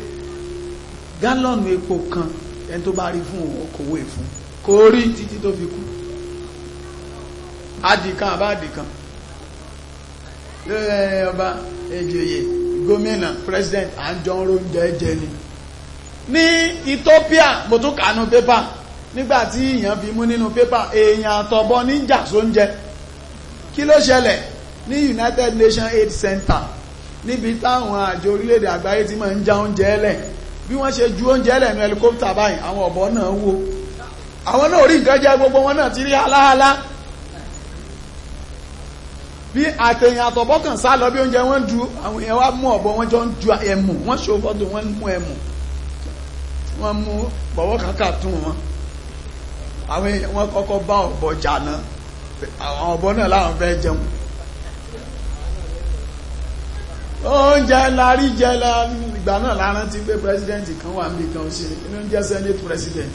gálọ̀nù epo kan ẹni tó bá rí fún òun okòwò ìfún e kò rí títí tó fi kú adìkan àbá adìkan lórí eh, ọba ìjòyè gómìnà president à ń jọ ń jẹ ni ní Ethiopia mo tún kànú pépà nígbàtí èèyàn fi mú nínú pépà èèyàn àtọ̀bọ níjà sóúnjẹ kí ló ṣẹlẹ̀ ní United Nations Aid Center níbi táwọn àjọ orílẹ̀-èdè àgbáyé ti máa ń já oúnjẹ ẹlẹ̀ bí wọ́n ṣe ju oúnjẹ ẹlẹ̀ ní helicopter báyìí àwọn ọ̀bọ náà wó àwọn náà rí nǹkan jẹ gbogbo wọn náà ti rí aláhálá bí àtẹ̀yìn àtọ̀bọ́kàn sá lọ bí oúnjẹ wọn du àwọn èèyàn wá mú ọ̀bọ wọn jọ ń ju ẹ̀mù wọn ṣe fọ́tò wọn mú ẹ̀mù wọn mú bọ̀wọ́ kàkà tún wọn àwọn èèyàn wọn kọ́kọ́ bá ọ̀bọ jà náà àwọn ọ̀bọ náà láwọn fẹ́ jẹun oúnjẹ larí jẹ la ìgbà náà la rántí pé pírẹsidẹ́ǹtì kan wà níbi kan ṣe inú jẹ́ senate president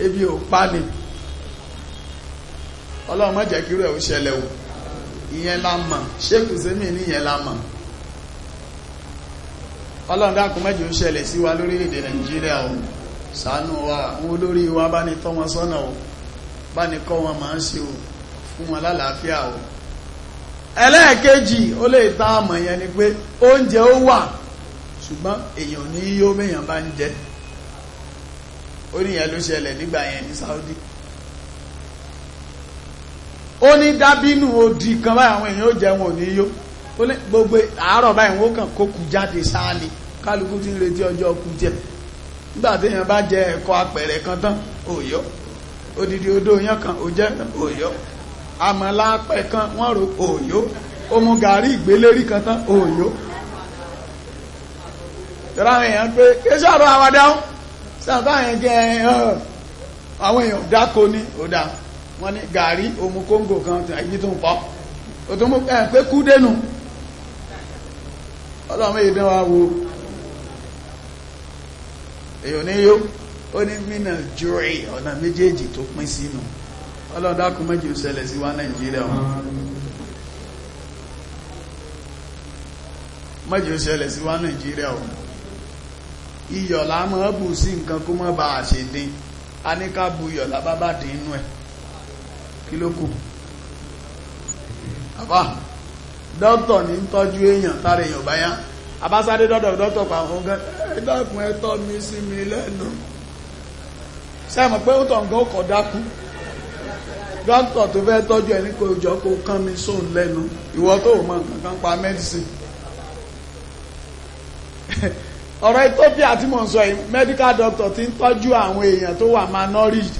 ebi ò pa ni ọlọ́run má jẹ́ kí rẹ̀ ó ṣẹlẹ̀ o ìyẹn la mọ̀ ṣéèkù sẹ́mì ní la mọ̀ ọlọ́run dákun wa lórílẹ̀-èdè nàìjíríà o ṣàánú wa àwọn olórí wa bá ní tọ́ wọn sọ́nà o bá ní wọn máa ń ṣe o fún wọn lálàáfíà o ẹlẹ́ẹ̀kejì ó lè tá àmọ̀ yẹn ni pé oúnjẹ ó wà ṣùgbọ́n èèyàn ní méèyàn bá ń ó níyẹn ló ṣẹlẹ̀ nígbà yẹn ní Saudi ó ní dábínú odi kan báyìí àwọn èèyàn ó jẹun wọn gbogbo àárọ̀ báyìí wọn kàn kó kù jáde sáàlì kálukú ti ń retí ọjọ́ kù jẹ nígbà téèyàn bá jẹ ẹ̀kọ́ apẹ̀rẹ̀ kan tán odidi odo kan òyọ́ kan wọ́n rò òyọ́ omu gàrí ìgbélérí kan tán òyọ́ àwọn èèyàn sábà yẹn jẹ́ àwọn èèyàn dáko ní òdá wọ́n ní gàrí omu kóngò kan ẹgbí tó ń pọ́ o tó mú pé kú dénú ọlọ́mọ ìdán wa wo èèyàn ní yó ó ní mínà jùrì ọ̀nà méjèèjì tó pín sínú méjì ṣẹlẹ̀ sí wa Nàìjíríà wọn méjì ìyọ̀lá ma mọ́ bù sí nǹkan kó mọ́ bá àṣẹ dín a ní ká bu iyọ̀ lábábá dín inú ẹ̀ kí ló kù àbá dọ́tọ̀ ní ń tọ́jú èèyàn tára èèyàn bá yá abásáré gan mi sí mi lẹ́nu pé ó dọ́tọ̀ tó ọ̀rọ̀ Ethiopia tí mò ń sọ yìí medical doctor ti ń tọ́jú àwọn èèyàn tó wà malnourished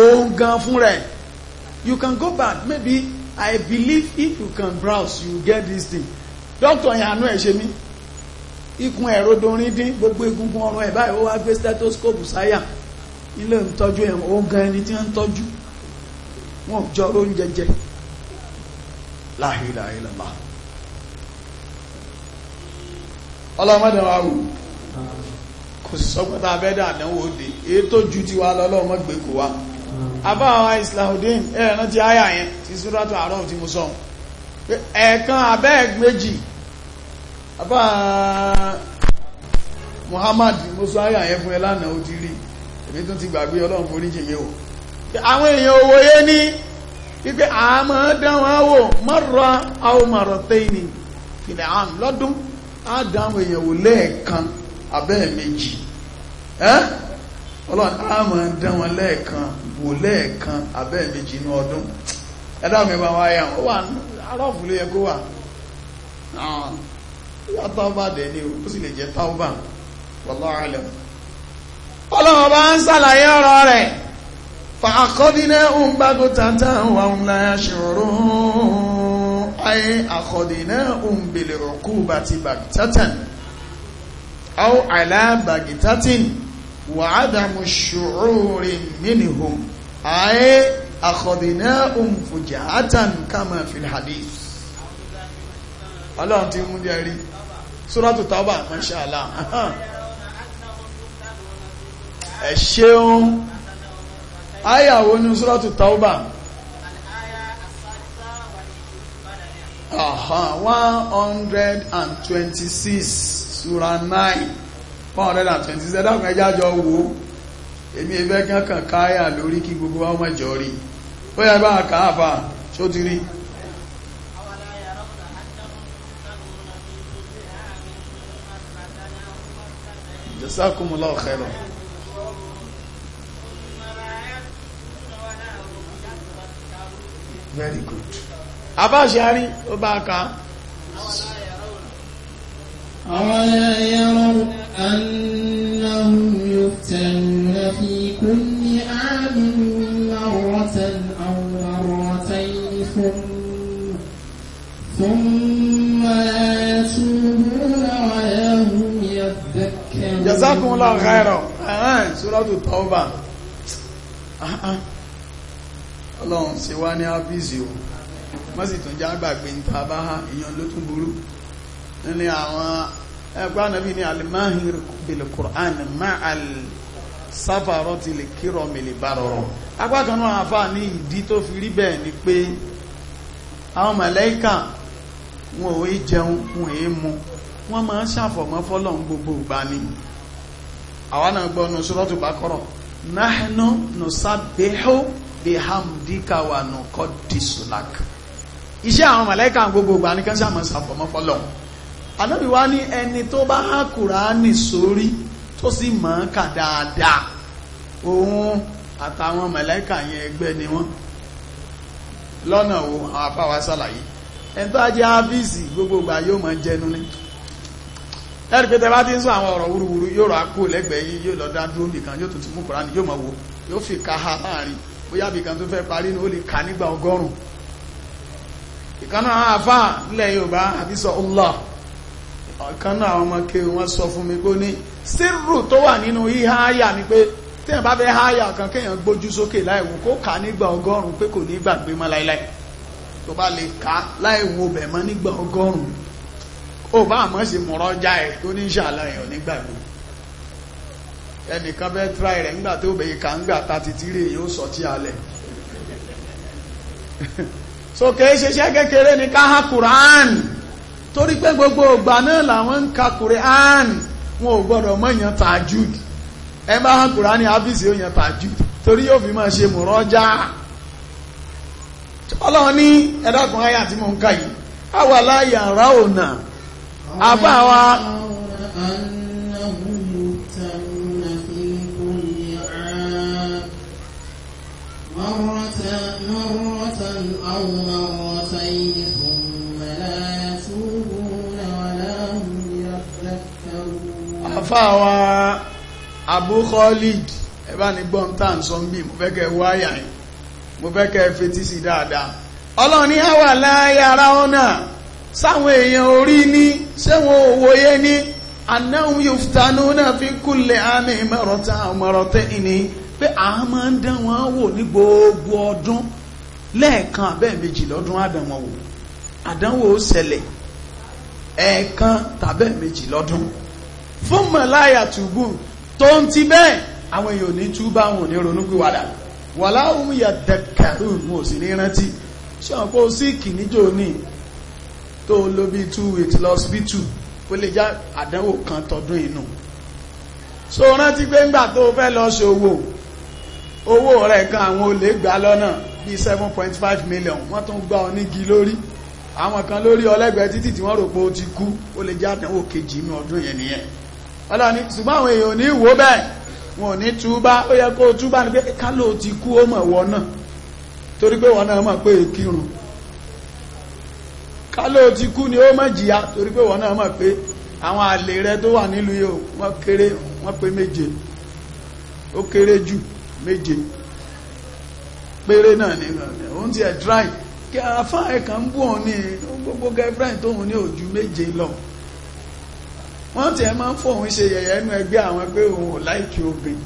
òun gan fún rẹ̀ you can go back maybe I believe if you can browse you get this thing doctor yẹn àánú ẹ̀ ṣe mí ikùn ẹ̀rọ dorin dín gbogbo egungun ọrùn ẹ̀ báyìí ó wá gbé stethoscope sáyà ilé ń tọ́jú ẹ̀ òun gan ẹni tí wọ́n ń tọ́jú wọn ò jọ oúnjẹ jẹ láhìláhìlá ọlọ́mọdé wa wù kò sọ́pọ̀ta abẹ́dà àdánwò òde èyí tó ju ti wá lọ́lọ́run mọ́ gbé kò wá àbá àwọn islahudin ẹ̀rán ti àyà yẹn ti súrátù àárọ̀ tí mo sọ ẹ̀ẹ̀kan abẹ́ẹ̀ méjì àbá Muhammad mo sọ àyà yẹn fún ẹ lánàá ó ti rí èmi tún ti gbàgbé ọlọ́run forí jìnyẹ o àwọn èèyàn owó yé ní wípé àmọ́ dán wọn wò mọ́rọ̀ àwọn mọ̀rọ̀ tẹ́yìn ní ìlẹ̀ àm lọ́dún á dán àwọn èèyàn wò lẹ́ẹ̀kan abẹ́ méjì ẹ́ ọlọ́run á mọ̀ ń dán wọn lẹ́ẹ̀kan wò lẹ́ẹ̀kan abẹ́ méjì inú ọdún ẹ̀dá mi bá wáyà ó wà arọ́fù ló yẹ kó wà yá tábà dẹ̀ ni ó sì lè jẹ́ tábà wallahu ọlọ́run bá ń sàlàyé ọ̀rọ̀ rẹ̀ fàákọ́dínà ń gbádùn tàntà wà ń láyà ṣòro ayé àkọ́dínà ń bèlè rọ̀kú bàtìbàtì tàntà aw ala bagitatin wa adamu shu'urin minhum ay akhadnahum fujatan kama fil hadith ọlọ́run ti mú díẹ̀ rí suratu tauba masha Allah ẹ ṣeun ayàwó ní suratu tauba one hundred and twenty six sura 9 127 dákùn ẹjá jọ wo èmi ẹgbẹ́ kankan káyà lórí kí gbogbo wa mọ̀ jọ rí ó yẹ bá kàáfà ṣó ti rí jazakumullahu khairan very good abáṣe arí ó bá ká أولا يروا أنهم يفتنون في كل عام مرة أو مرتين ثم ثم لا يتوبون ولا هم يذكرون جزاكم الله خيرا سورة التوبة Ọlọ́run ṣe wá ní áfíìsì o, mọ́sí tún já gbàgbé ń ta bá ha, èèyàn ló tún burú ní àwọn ẹgbẹ́ ànábì ní alimahir bìlì Qur'an ma'al sáfàrọ́ ti lè kírọ̀ mìlì bárọ̀rọ̀ apá kan náà àfà ní ìdí tó fi rí bẹ́ẹ̀ ni pé àwọn màláíkà wọn ò jẹun wọn èé mu wọ́n máa ń ṣàfọ̀mọ́ fọ́lọ́run gbogbo ìgbà ni àwa náà gbọ́ iṣẹ́ àwọn màláíkà gbogbo ìgbà ni kan ṣàmọ́ ṣàfọ̀mọ́ fọ́lọ́run ànábì wá ní ẹni tó bá há kùránì sórí tó sì mọ̀ ọ́n kà dáadáa òun àtàwọn mẹ̀lẹ́kà yẹn ẹgbẹ́ ni wọ́n lọ́nà wo àwọn afáwa ṣàlàyé ẹni tó ajé ábíìsì gbogbogbà yóò mọ̀ jẹnu ní ẹ̀rì pé tẹ́bá ti ń sọ àwọn ọ̀rọ̀ wúruwúru yóò rọ akó lẹ́gbẹ̀ẹ́ yìí yóò lọ dá dúró nìkan yóò tuntun mú kùránì yóò mọ̀ wò yóò fi ka ha láàrin bóyá bìkan tó fẹ́ parí ni ó lè ka nígbà ọgọ́rùn-ún ìkànnà àfáà nílẹ̀ Yorùbá àbísọ̀ Allah ọ̀kan ọmọ kéwù wọ́n sọ fún mi pé ní sírù tó wà nínú híhá àyà ni pé téèyàn bá fẹ́ há àyà kan kéèyàn gbójú sókè láìwò kó kà nígbà ọgọ́rùn-ún pé kò ní gbàgbé mọ́ láíláí tó bá lè kà láìwò bẹ̀ mọ́ nígbà ọgọ́rùn-ún ó bá àmọ́ sì mọ̀rọ̀ já ẹ̀ tó ní ìṣàlọ́ èèyàn nígbàgbé ẹnìkan fẹ́ tra rẹ̀ nígbà tó bẹ̀yẹ kà ńgbà ta títírì yóò sọ tí alẹ̀ (laughs) so kèé ṣeṣẹ́ kékeré ní ká há torí pé gbogbo ìgbà náà làwọn ń ka wọn ò gbọ́dọ̀ mọ̀ tajud ẹ bá hàn ní abisi ó yàn tajud torí yóò fi máa ṣe mùrọ́jà ọlọ́run ní ẹ̀dọ́kùnrin ayé àti mọ̀ǹkà yìí àwa àfáàwà Abu Khalid ẹbá ní gbọ́n tàn sọ ń bí mo fẹ́ kẹ́ wáyà yìí mo fẹ́ kẹ́ fetí sí dáadáa ọlọ́run ní àwà láyàrá ọ̀nà sáwọn èèyàn orí ní sẹ́wọ̀n òwòye ní anáhùn yòfùtánú náà fi kúlẹ̀ àmì mẹ́rọ̀tá mẹ́rọ̀tẹ́ ìní pé a máa ń dán wọn wò ní gbogbo ọdún lẹ́ẹ̀kan abẹ́ méjì lọ́dún àdánwò àdánwò ṣẹlẹ̀ ẹ̀ẹ̀kan tàbẹ́ méjì lọ́dún fún mọ̀láyà tùbù tó ń ti bẹ́ẹ̀ àwọn èèyàn ní túbà wọn ní ronúgbìwàdà wà láhùn yà dẹ̀kàrù wọn ò sì ní rántí ṣọ́n kó síìkì níjò ní tó ló bí two weeks lọ síbítù ó lè já àdánwò kan tọdún inú so rántí pé ńgbà tó fẹ́ lọ ṣòwò owó rẹ̀ kan àwọn olè gbà lọ́nà bíi seven point five million wọ́n tún gbá ọ nígi lórí àwọn kan lórí ọlẹ́gbẹ̀ẹ́ títì tí wọ́n rò pé ó ti kú ó lè já àdánwò kejì inú ọdún yẹn nìyẹn ọlọ́ni ṣùgbọ́n àwọn èèyàn ní ìwò bẹ́ẹ̀ wọn ò ní túbá ó yẹ kó túbá ní pé kálò ti kú torí pé náà mọ̀ pé kálò ti kú ni ó mọ̀ jìyà torí pé wọn náà mọ̀ pé àwọn àlè rẹ tó wà nílùú wọ́n ni òun ti ẹ̀ dry kí bù ọ́ ní gbogbo tóun ní wọ́n tiẹ̀ máa ń fòun ṣe yẹ̀yẹ́ inú ẹgbẹ́ àwọn pé òun ò láìkí obìn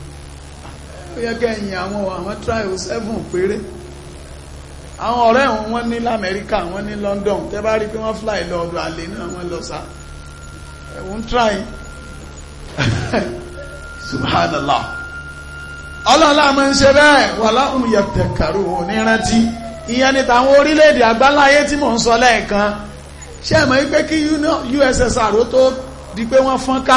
ó yẹ kẹ́yìn àwọn àwọn trial seven péré àwọn ọ̀rẹ́ òun wọ́n ní lamẹ́ríkà wọ́n ní London tẹ́ bá rí pé wọ́n fly lọ ọ̀dọ̀ àlè náà wọ́n lọ sá ẹ̀wọ̀n try (laughs) subhanallah ọlọ́lá mọ́ ń ṣe bẹ́ẹ̀ wà láhùn yẹ̀tẹ̀kàrù onírántí ìyẹn ni tàwọn orílẹ̀-èdè àgbáláyé tí mò ń sọ lẹ́ẹ̀kan ṣé ẹ mọ̀ wípé kí USSR tó di pé wọ́n fọ́n ká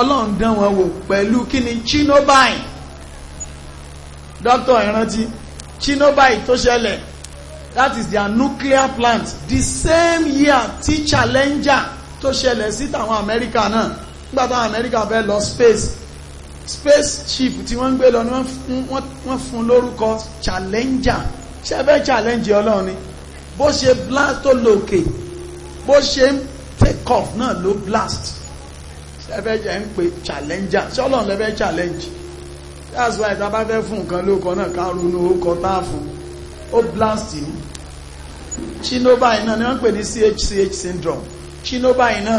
ọlọ́run dán wọn wò pẹ̀lú kí ni Chinobi dókítà ìrántí Chinobi tó ṣẹlẹ̀ that is their nuclear plant the same year tí Challenger tó ṣẹlẹ̀ sí tàwọn Amẹ́ríkà náà nígbà táwọn Amẹ́ríkà fẹ́ lọ space space ship tí wọ́n ń gbé lọ ni wọ́n fún lórúkọ Challenger ṣe fẹ́ challenge ọlọ́run ni bó ṣe blast tó lòkè bó ṣe take off náà ló blast ẹfẹ́jẹ́ ń pè challenger ṣọ́lọ́n lẹ́fẹ́ challenge that's why ta bá fẹ́ fún nǹkan lóòkọ́ náà ká ronú ókọ táà fún ó blast ní chinova iná ni wọ́n pè ní chch syndrome Chinoba iná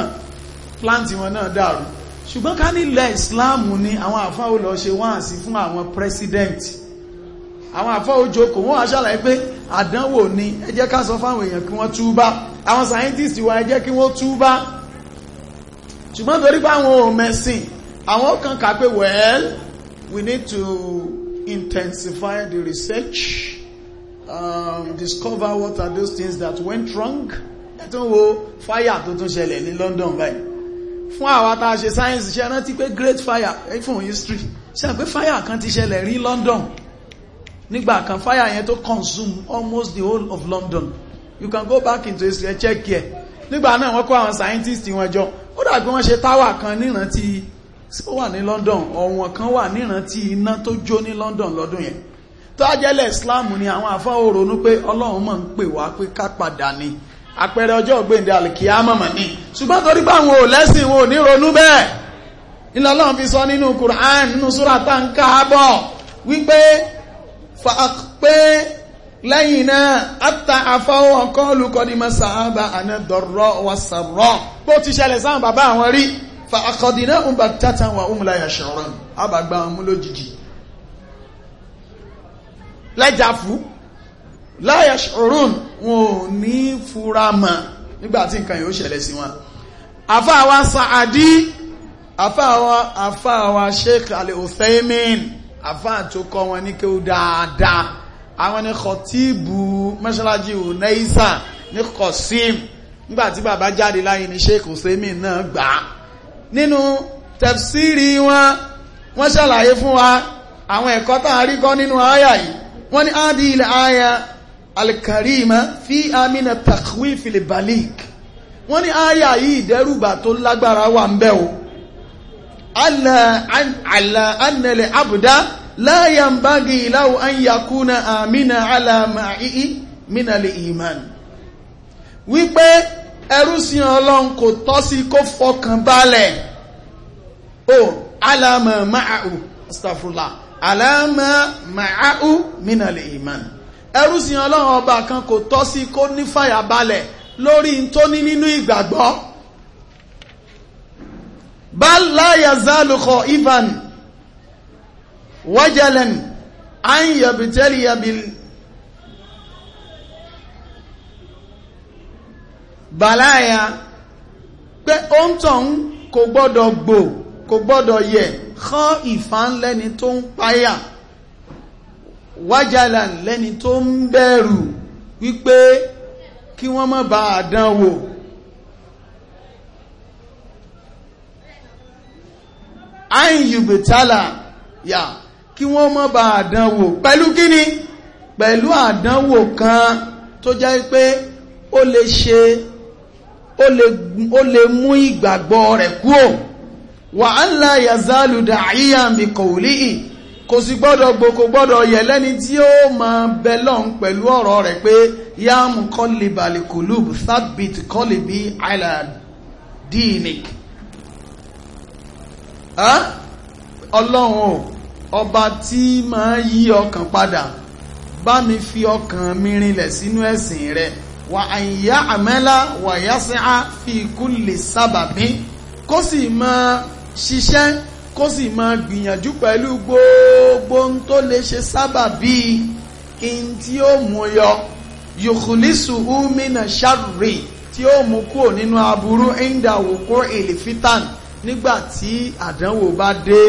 plant wọn náà dàrú ṣùgbọ́n ká nílẹ̀ islam ni àwọn àfáà ó lọ ṣe wáàsí fún àwọn president àwọn àfáà ó jókòó wọ́n á ṣàlàyé pé àdánwò ni ẹ jẹ́ ká sọ fáwọn èèyàn kí wọ́n túbá àwọn scientist wa ẹ jẹ́ kí wọ́n túbá ṣùgbọ́n torí pé àwọn ò mẹ́sìn àwọn kan kà pé well we need to intensify the research um, discover what are those things that went wrong ẹ tún wo fire tó tún ṣẹlẹ̀ ní London báyìí fún àwa tá a ṣe science ṣe rántí pé great fire ẹ fún history ṣe àpé fire kan ti ṣẹlẹ̀ rí London nígbà kan fire yẹn tó consume almost the whole of London you can go back into history check here nígbà náà wọ́n kó àwọn scientists wọn jọ ó dàbí wọ́n ṣe táwà kan nírántí ó wà ní London ọ̀wọ̀n kan wà nírántí iná tó jó ní London lọ́dún yẹn tó ajẹ́lẹ̀ Islam ni àwọn àfáwò ronú pé Ọlọ́run mọ̀ ń pè wá pé ká padà ni àpẹẹrẹ ọjọ́ ògbéǹde alìkíámọ̀mọ̀ ni ṣùgbọ́n torí pé àwọn ò lẹ́sìn wọn ò ní ronú bẹ́ẹ̀ ilẹ̀ Ọlọ́run fi sọ nínú Quran nínú súrà tá ń ká wípé lẹ́yìn náà ata afọ́wọ́ ọkọ́ olùkọ́dìmọ̀ sàábà ànádọ̀rọ̀ wà sàrọ̀ bó ti ṣẹlẹ̀ sáà bàbá àwọn rí fa akọ̀dìnà ọmọ tata wà ọmọ láyà ṣọ̀rọ̀ àbàgbà ọmọ lójijì lẹ́jà fún láyà ṣọ̀rọ̀ wọn ò ní fura mọ̀ nígbàtí nǹkan yóò ṣẹlẹ̀ sí wọn àfáàwà sàádì àfáàwà àfáàwà sheikh al-Uthaymin àfáà wọn ní kí ó dáadáa àwọn ni kọtíìbù mọ́ṣálájí unaisa ní kọsim nígbàtí bàbá jáde láyé ní sheik hussein náà gbà nínú tẹfsiri wọn wọ́n ṣàlàyé fún wa àwọn ẹ̀kọ́ tá a rí kọ́ nínú àyà yìí wọ́n ní áàdì ilẹ̀ àyà alkarima fi amina takwif libalik wọ́n ní àyà yìí ìdẹ́rùbà tó lágbára wà ń bẹ̀ o allah annalẹ̀ abdá la yanbaghi lahu an yakuna amina ala ma'i min al-iman wípé ẹrú sí ọlọ́run kò tọ́ sí kó fọkàn balẹ̀ o alama ma'u astagfirullah alama ma'u min al-iman ẹrú sí ọlọ́run ọba kan kò tọ́ sí kó ní balẹ̀ lórí tó ní nínú ìgbàgbọ́ bal la yazalu khaifan وجلا أن يبتلي بال bàláyà pé ó ń tàn kò gbọ́dọ̀ gbò kò gbọ́dọ̀ yẹ̀ kán ìfàn lẹ́ni tó ń páyà wájàlá lẹ́ni tó ń bẹ̀rù wípé kí wọ́n má bá àdán wò àìyùbìtálà yà yeah kí wọ́n má ba àdánwò pẹ̀lú kíni pẹ̀lú àdánwò kan tó jẹ́ pé ó lè ṣe ó lè mú ìgbàgbọ́ rẹ̀ kúò wà á ńlá yazalu dàáyà mi kòwòlíì kò sì gbọ́dọ̀ gbogbo gbọ́dọ̀ yẹ lẹ́ni tí ó máa bẹlọ́n pẹ̀lú ọ̀rọ̀ rẹ̀ pé yáàmù kọ́lì balikulubu sábìtì kọ́lì bí island dinic ọlọ́run ọba tí máa yí ọkàn padà bá mi fi ọkàn mi rinlẹ̀ sínú ẹ̀sìn rẹ̀ wà àyà àmẹ́lá wà yásíá fi kulli sábàbí kó sì máa ṣiṣẹ́ kó sì máa gbìyànjú pẹ̀lú gbogbo ohun tó lè ṣe sábàbí kí tí ó mú yọ yòkùlísù úmínà ṣàrùrì tí ó mú kúrò nínú aburú ìndàwòkó ìlìfítàn nígbà tí àdánwò bá dé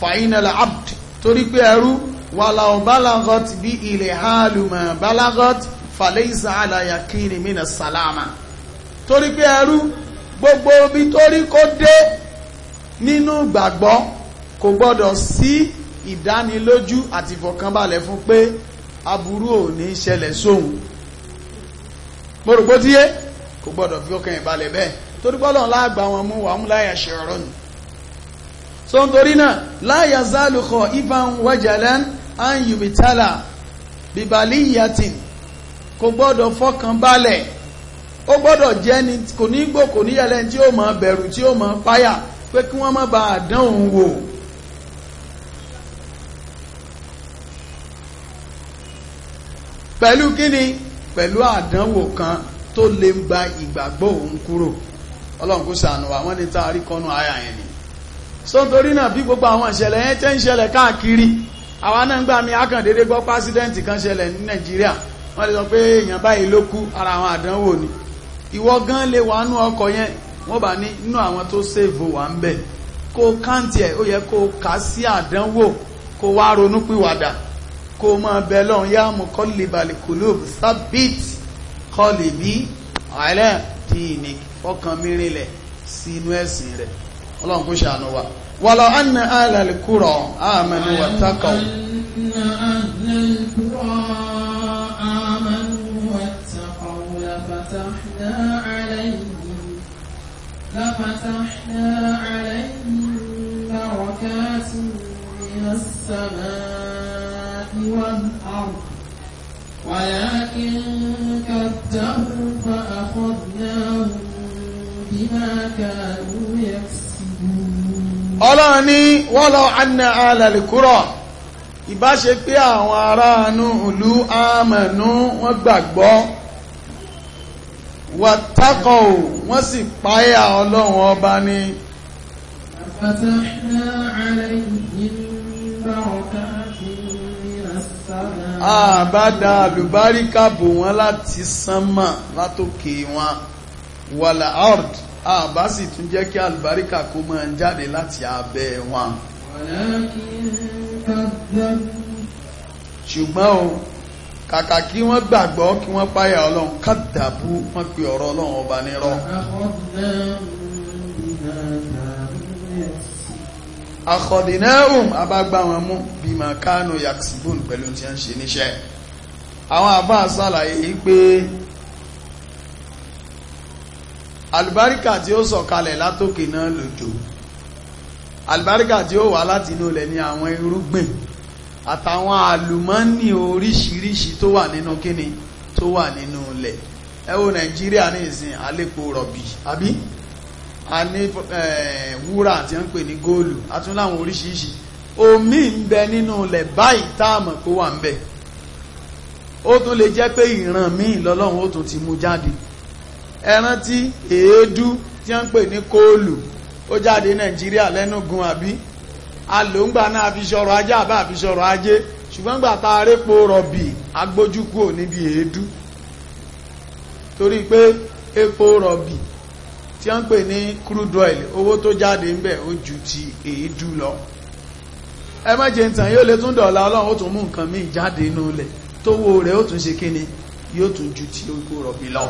fàínàlà abd torí pé ẹrú wàláwọ̀ balagot bí ilẹ̀ hálùmọ̀ balagot fàlẹ́sà àlàyàkiri mìnà sàlámà torí pé ẹrú gbogbo ibi torí kó dé nínú gbàgbọ́ kò gbọ́dọ̀ sí ìdánilójú àti ìfọ̀kànbalẹ̀ fún pé aburú ò ní ṣẹlẹ̀ sóhun mọ̀rùgbó kò gbọ́dọ̀ fi ọkàn ìbalẹ̀ bẹ́ẹ̀ torí pé Ọlọ́run mú wàhúnláyà ṣe ọ̀rọ̀ nù so n torí náà láyà zálùkọ ifan wajalan an yubitala bibali yatin kò gbọ́dọ̀ fọkàn balẹ̀ ó gbọ́dọ̀ jẹ́ ni kò ní gbò kò ní yẹlẹ́ tí ó máa bẹ̀rù tí ó máa páyà pé kí wọ́n má ba àdán òun wò pẹ̀lú kíni pẹ̀lú àdánwò kan tó lè gba ìgbàgbọ́ òun kúrò ọlọ́run kó ṣàánú wa wọ́n tá a rí kọ́nú àyà yẹn ni so torí náà bí gbogbo àwọn ìṣẹ̀lẹ̀ yẹn tẹ́ ń ṣẹlẹ̀ káàkiri àwa náà ń gbà mí akàndédé gbọ́ pásídẹ́ǹtì kan ṣẹlẹ̀ ní nàìjíríà wọ́n lè sọ pé èèyàn báyìí ló kú ara àwọn àdánwò ni ìwọ gan lè wà nú ọkọ̀ yẹn wọ́n bá ní inú àwọn tó ṣèvò wà ń bẹ̀ kó káǹtì ẹ̀ ó yẹ kó kà sí àdánwò kó wá ronú pìwàdà kó máa bẹ lọ́run yá mú kọ́lìbàlì kùlùb sábìt kọ́lìbí àìlẹ́ tí ìní fọkàn mi ọlọ́run kó ṣàánú wa wàlọ́ anna alal kúrọ̀ amanu wattaqaw لفتحنا عليهم بركات من السماء والأرض ولكن كذبوا فأخذناهم بما كانوا يكسبون ọlọ́run ní wọ́lọ́ anna alàlìkúrọ̀ ìbáṣe pé àwọn aráàánú ìlú àmànú wọ́n gbàgbọ́ wàtákọ̀ ò wọ́n sì páyà ọlọ́run ọba ní àbádá àlùbáríkà bò wọ́n láti sánmà látòkè wọn wàlà àbá sì tún jẹ́ kí àlùbáríkà kó máa ń jáde láti abẹ́ wọn ṣùgbọ́n o kàkà kí wọ́n gbàgbọ́ kí wọ́n páyà ọlọ́run kàdàbú wọ́n pe ọ̀rọ̀ ọlọ́run ọba nírọ́ àkọ̀dínáhùn abágbá wọn mú bí kánú yaksibun pẹ̀lú tí wọ́n ṣe níṣẹ́ àwọn àbá àsàlàyé pé àlùbáríkà tí ó sọ̀kalẹ̀ látòkè náà lòjò àlùbáríkà tí ó wà láti inú ilẹ̀ ni àwọn irúgbìn àtàwọn àlùmọ́nì oríṣiríṣi tó wà nínú kíni tó wà nínú ilẹ̀ ẹ wo nàìjíríà ní ìsìn àlépo rọ̀bì àbí a ní wúrà tí wọ́n ń pè ní góòlù a láwọn oríṣiríṣi omi ń bẹ nínú ilẹ̀ báyìí táàmù kó wà ń bẹ ó tún lè jẹ́ pé ìran míì lọ́lọ́run ó tún ti mú jáde ẹran tí èédú tí wọ́n ń pè ní kóòlù ó jáde nàìjíríà lẹ́nugun àbí alòǹgbà náà fi ṣọrọ̀ ajé àbá àfi ṣọrọ̀ ajé ṣùgbọ́n gbà tá a répo rọ̀bì agbójúkú ò níbi èédú torí pé epo rọ̀bì tí wọ́n ń pè ní crude oil owó tó jáde ń bẹ̀ ó ju ti èédú lọ ẹ má jẹ ntàn yóò lè tún dọ̀la ọlọ́run ó tún mú nǹkan míì jáde nínú ilẹ̀ tówó rẹ̀ ó tún ṣe kíni ju ti epo rọ̀bì lọ.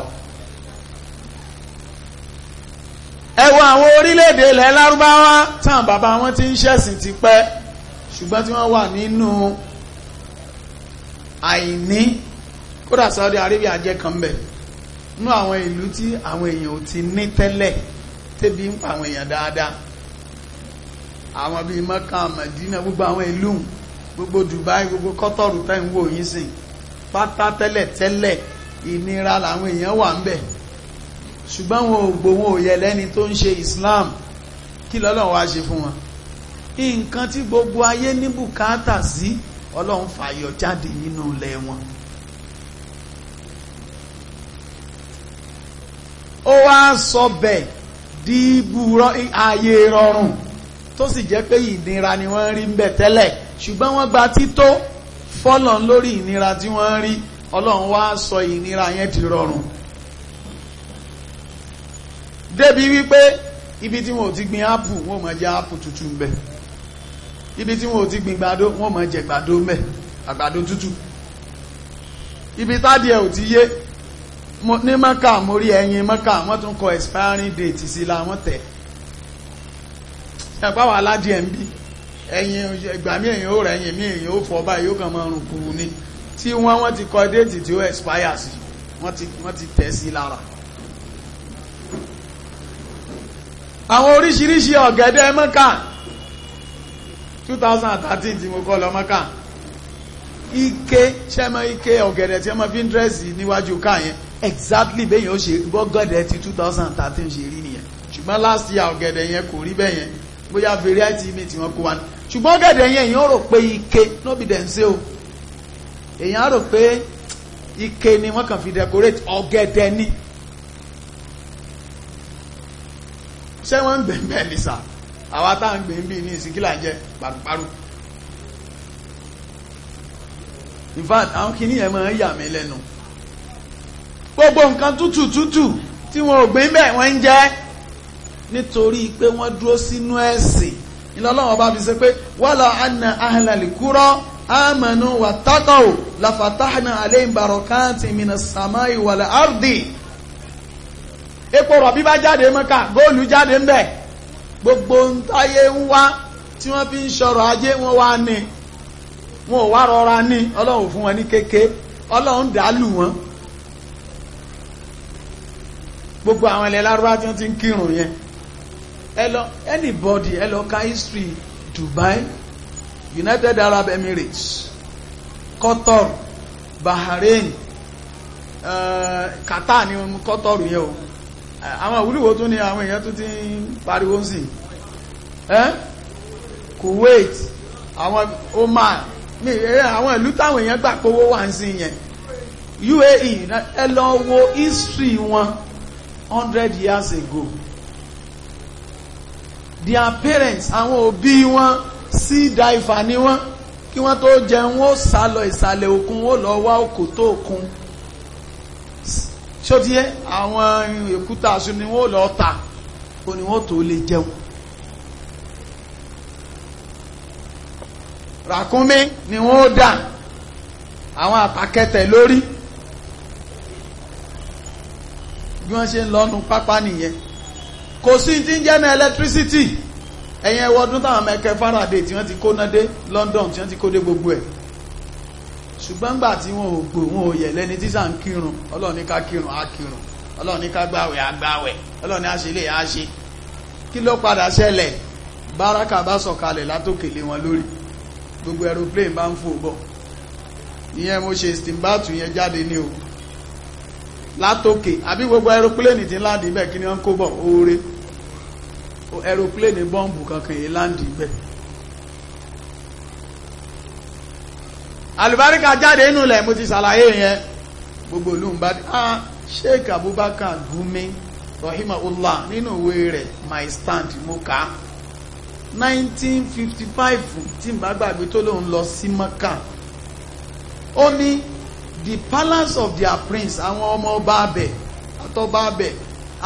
ẹ wo àwọn orílẹ̀-èdè ilẹ̀ lárúbáwá táwọn bàbá wọn ti ń ṣẹ̀sìn ti pẹ́ ṣùgbọ́n tí wọ́n wà nínú àìní kódà Saudi Arabia jẹ́ kan bẹ̀ nínú àwọn ìlú tí àwọn èèyàn ò ti ní tẹ́lẹ̀ tẹ́bi ń pa àwọn èèyàn dáadáa àwọn bíi Mẹ́kà Mẹ́dínà gbogbo àwọn ìlú gbogbo Dubai gbogbo kọ́tọ̀rù tẹ́ ń wò yín sìn pátá tẹ́lẹ̀ tẹ́lẹ̀ ìnira làwọn èèyàn wà ń bẹ̀ ṣùgbọ́n wọn ò gbọ́ wọn lẹ́ni tó ń ṣe Islam kí lọ́lọ́run wá ṣe fún wọn nǹkan tí gbogbo ayé ní bùkátà sí ọlọ́run fàyọ jáde nínú ilẹ̀ wọn ó wá sọ bẹ́ẹ̀ di ibùrọ̀ ààyè rọrùn tó sì jẹ́ pé ìnira ni wọ́n rí ń bẹ̀ tẹ́lẹ̀ ṣùgbọ́n wọ́n gba tító fọ́lọ̀ lórí ìnira tí wọ́n rí ọlọ́run wá sọ ìnira yẹn di rọrùn débi wípé ibi tí wọn ò ti gbin ápù wọn ò mọ̀ jẹ ápù tútù ń bẹ ibi tí wọn ò ti gbin gbàdó wọn ò jẹ gbàdó ń àgbàdó tútù ibi tádìẹ ò ti yé ní mọ́kà mo ẹyin mọ́kà wọ́n tún kọ expiring date sí la wọ́n tẹ̀ ẹ̀pá wà ládìẹ ń bí ẹyin ìgbà mí èyàn ó rẹ̀ ẹyin mí èyàn ó fọ́ báyìí ó kàn máa rùn kùrù ni tí wọ́n wọ́n ti kọ déètì tí ó expire sí wọ́n ti tẹ̀ sí lára. àwọn oríṣiríṣi ọ̀gẹ̀dẹ̀ mọ́kà 2013 tí mo kọ́ lọ mọ́kà ike ṣẹ́mọ́ ike ọ̀gẹ̀dẹ̀ tí wọ́n fi ń dírẹ́sì níwájú ká yẹn exactly bẹ́yìn ó ṣe bọ́gọ̀dẹ̀ ti 2013 ṣe rí nìyẹn ṣùgbọ́n last year ọ̀gẹ̀dẹ̀ yẹn kò rí bẹ́ẹ̀ yẹn bóyá variety mi tí wọ́n kó wa ní ṣùgbọ́n ọ̀gẹ̀dẹ̀ yẹn èèyàn rò pé ike no be ń ṣe o èèyàn rò pé ike ni wọ́n kàn fi decorate ọ̀gẹ̀dẹ̀ ni ṣé wọ́n ń gbé bẹ́ẹ̀ ní sà àwa tá à ń gbé ń bí ní ìsìnkílà jẹ́ pàrùpàrù in fact àwọn kìíní yẹn máa ń yà mí lẹ́nu gbogbo nǹkan tútù tútù tí wọn ò gbé ń bẹ̀ wọ́n ń jẹ́ nítorí pé wọ́n dúró sínú ẹ̀sìn ìlọ́lọ́wọ́ bá fi ṣe pé wala anna ahlal qura amanu wattaqaw lafatahna alayhim barakatin minas samai wal ardi. epo rọ̀bí bá jáde mọ́ka góòlù jáde ń bẹ̀ gbogbo ń nwa ń wá tí wọ́n fi ń ṣọ̀rọ̀ ajé wọn wá ní wọn ò wá rọra ní ọlọ́run fún wọn ní kéke ọlọ́run dàálù wọn gbogbo àwọn ilẹ̀ lárúbá tí wọ́n ti ń kírun yẹn ẹ lọ anybody ẹ lọ ka history Dubai United Arab Emirates Qatar Bahrain uh, Qatar ni Qatar yẹn o àwọn ìwúlúwò tó ní àwọn èèyàn tó ti ń pariwo sí ẹ́ Kuwait àwọn Oman ní àwọn ìlú táwọn èèyàn gbà pówó wà ń sí yẹn UAE ẹ lọ wo history wọn hundred years ago their parents àwọn òbí wọn sea diver ni wọn kí wọ́n tó jẹun ó sá ìsàlẹ̀ òkun ó lọ wá òkòtó òkun ṣó ti yẹ àwọn èkúta aṣọ ni wọ́n lọ ta kó ni wọ́n tó lè jẹun ràkúnmí ni wọ́n dà àwọn àpàkẹ́tẹ̀ lórí bí wọ́n ṣe ń lọ́nu pápá nìyẹn kò sí ti ń jẹ́ ní ẹlẹ́tírísítì ẹ̀yìn ẹwọ́dún táwọn mẹ́kẹ́ Faraday tí wọ́n ti kó náà dé London tí wọ́n ti kó dé gbogbo ẹ̀ ṣùgbọ́n gbà tí wọn ò gbò wọn ò yẹ̀ lẹ́ni tí sàn kírun ọlọ́run ní ká kírun á kírun ọlọ́run ní ká gbàwẹ̀ á gbàwẹ̀ ọlọ́run ní àṣẹ ilé á ṣe kí ló padà ṣẹlẹ̀ báràkà bá sọ̀kalẹ̀ látòkèlé wọn lórí gbogbo aeroplane bá ń fò bọ̀ ìyẹn mo ṣe stimbatu yẹn jáde ní o látòkè àbí gbogbo aeroplane ti láǹdì bẹ́ẹ̀ kí ni wọ́n kó bọ̀ oore aeroplane bọ́ǹbù kankan yìí láǹdì bẹ́ẹ̀ àlùbáríkà jáde inú ilẹ̀ mo ti ṣàlàyé yẹn gbogbo ìlú ń bá dé ah sheik abubakar gumi rahimahullah nínú ìwé rẹ̀ my stand mo kà á 1955 tí n bá gbàgbé tó lóun lọ sí mọ́kà ó ní the palace of their prince àwọn ọmọ ọba abẹ àtọba abẹ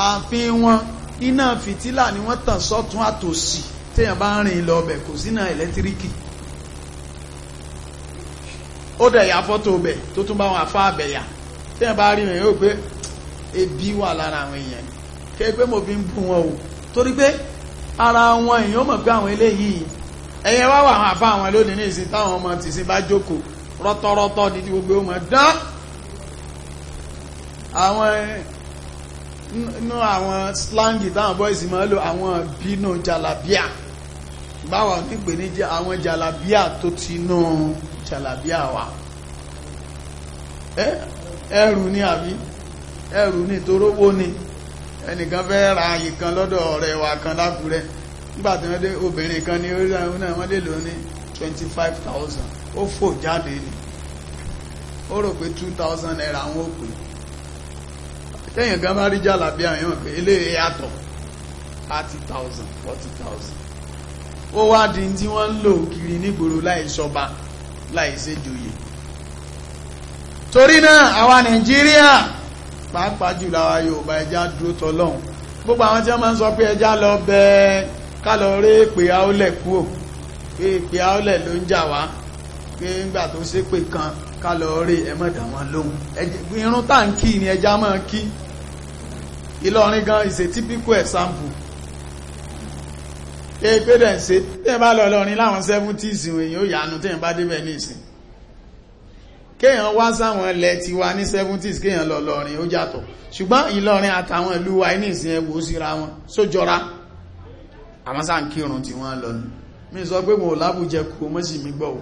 ààfin wọn iná fìtílà ni wọ́n tàn sọ́tún àtòsì téèyàn bá ń rìn lọ ọbẹ̀ kò sínà ẹ̀lẹ́tíríkì ó dẹ̀ ya fọ́tò bẹ̀ tó tún bá wọn àfa àbẹ̀yà tí ẹ bá rí rìn yóò pé ebi wà lára àwọn èèyàn kí ẹ pé mo fi ń bú wọn o torí pé ara wọn èèyàn mọ̀ pé àwọn eléyìí ẹ̀yẹ wá wà àwọn àfa àwọn lónìí ní ìsìn táwọn ọmọ tìsín bá jókòó rọ́tọ́rọ́tọ́ ní gbogbo ọmọ dán àwọn nínú àwọn slangi táwọn boys máa lò àwọn bínú jalabia báwa nígbè ní àwọn jalabia tó ti nù. No jàlàbí àwà eh, ẹrù ní àbí ẹrù ní torówó ni ẹnìkan fẹ́ ra ìkan lọ́dọ̀ ọ̀rẹ́ kan lákúrẹ́ nígbàtí wọ́n dé obìnrin kan ní orí àwọn wọ́n lè lò ní 25,000 ó fò jáde ni ó rò pé 2,000 naira àwọn tẹ́yìn gan bá rí jàlàbí pé eléyìí yàtọ̀ 30,000 40,000 ó wá di tí wọ́n ń lò kiri nígboro láì láì ṣe joyè torí náà àwa nàìjíríà pàápàá jùlọ àwa yorùbá ẹja dúró tọlọ́hún gbogbo àwọn tí wọ́n máa ń sọ pé ẹja lọ bẹ́ẹ̀ ká lọ rí èpè àólẹ̀ kúò pé èpè àólẹ̀ ló ń jà wá pé ńgbà tó ṣépè kan ká lọ rí ẹ̀mọ́dà wọn lóhun irun táǹkì ni ẹja máa kí Ìlọrin gan is a typical example tẹ́ pé dẹ̀ ń ṣe tẹ́ bá lọ lọ́rin láwọn 70s èyí ó yànú tẹ́ bá débẹ̀ ní ìsìn kéèyàn wá sáwọn ilẹ̀ ti wa ní 70s kéèyàn lọ lọ́rin ó yàtọ̀ ṣùgbọ́n ìlọrin àtàwọn ìlú wa ní ìsìn ẹwò síra wọn sójọra àmọ́ sáà ń kírun tí wọ́n lọ ní mi sọ pé mo lábùjẹ kú mọ́ sì mi gbọ́ o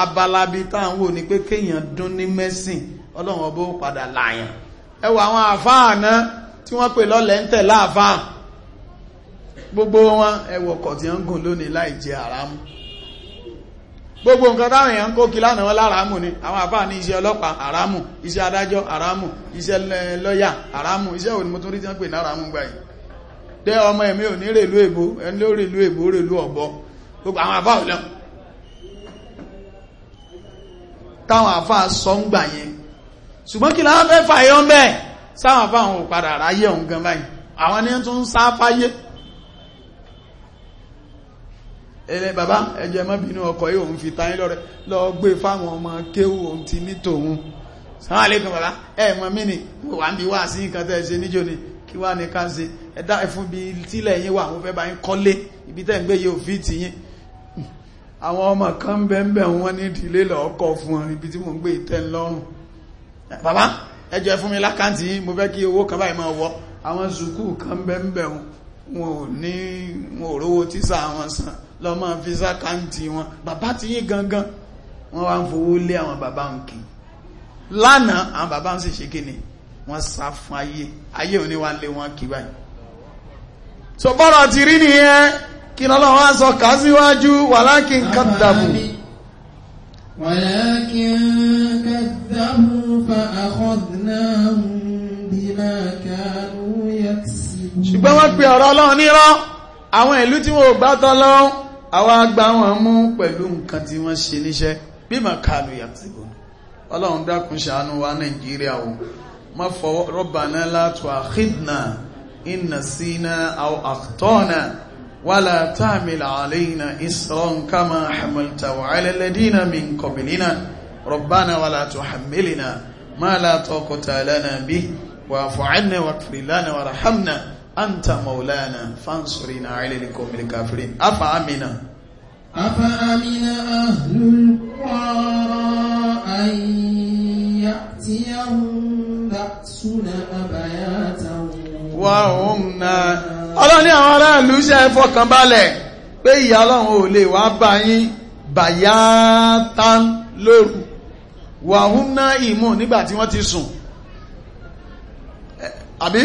abalabi táwọn wò ní pé kéèyàn dún ní mẹ́sìn ọlọ́run ọbọ̀ padà láàyàn ẹwà àwọn àfáà náà tí wọ́n pè lọ́lẹ̀ ń tẹ̀ láàfáà gbogbo wọn ẹwọ kọ̀ ń gùn lónìí láì jẹ gbogbo nǹkan táwọn èèyàn ń kó kí lánàá wọn ni àwọn àfáà ní iṣẹ́ ọlọ́pàá àrámù iṣẹ́ adájọ́ àrámù iṣẹ́ lọ́yà àrámù iṣẹ́ òní mo tún rí tí pè ní ọmọ ò ní rèlú èbó gbogbo àwọn ò lọ táwọn sọ ń gbà yẹn ń sáwọn ò padà ráyé gan báyìí ni tún ẹlẹ́ bàbá ẹjẹ́ mọ́ bínú ọkọ̀ yìí òun fi tayín lọ́rẹ́ lọ gbé fáwọn ọmọ kéwù òun ti ní tòun sàwọn àlékún bàbá ẹ mọ mí ni wà ń bí wá sí nǹkan tẹ́ ṣe níjó ni kí wá ní ká ṣe ẹ̀dá ẹ̀fún bí tílẹ̀ yín wà wọ́n fẹ́ bá yín kọ́lé ibi tẹ́ ń gbé yóò fi tì yín àwọn ọmọ kan ń bẹ́ẹ̀ wọ́n ní ìdílé lọ́ọ̀kọ̀ fún ọ níbi tí mò ń gbé ìtẹ́ ńlọ́rùn bàbá ẹjọ́ ẹ fún mi lákàntì yín mo fẹ́ kí owó kan báyìí máa wọ àwọn sùkúù kan bẹ́ẹ̀ wọn ò ní wọn ò rówó tíṣà wọn san lọ máa fi sákàǹtì wọn bàbá ti yín gangan wọ́n wá ń fowó lé àwọn bàbá ń kí lánàá àwọn bàbá ń sì ṣe kí ni wọ́n sá fún ayé ayé òní wá lé wọn kí báyìí so bọ́rọ̀ ti rí nìyẹn kí lọ́lọ́wọ́ sọ kà síwájú walakin kaddabu ولكن كذبوا فأخذناهم بما كانوا يكسبون ṣùgbọ́n wọ́n pe ọ̀rọ̀ Ọlọ́run nírọ́ àwọn ìlú tí wọ́n ò gbà tọ́lọ́run àwa gbá wọn mú pẹ̀lú nǹkan tí wọ́n ṣe níṣẹ́ bí mà kàlù yàtìkù ọlọ́run dákun ṣàánú wa nàìjíríà o má fọwọ́ rọ́bàná látò àkídnà iná síná àwọn àtọ́nà wàlá tààmìlà àlẹ́yìnà ìsọ̀rọ̀n kama hamalta wa alẹ́lẹ́dínà min kọbìlínà rọ̀bàná wàlá tó hamilina má látọ̀ kọtàlánà bí wà fọ̀ánà wà kìrìlánà wà rahamna anta maulana fansurina ala alqawmil kafirin afa amina afa amina ahlul qura an ya'tiyahum ba'suna bayatan wa hum na Ọlọ́run ni àwọn ará ìlú ṣe fọkàn balẹ̀ pé ìyà Ọlọ́run ò lè wá bá yín bayatan lóru wa hum na imu nígbà wọ́n ti sùn àbí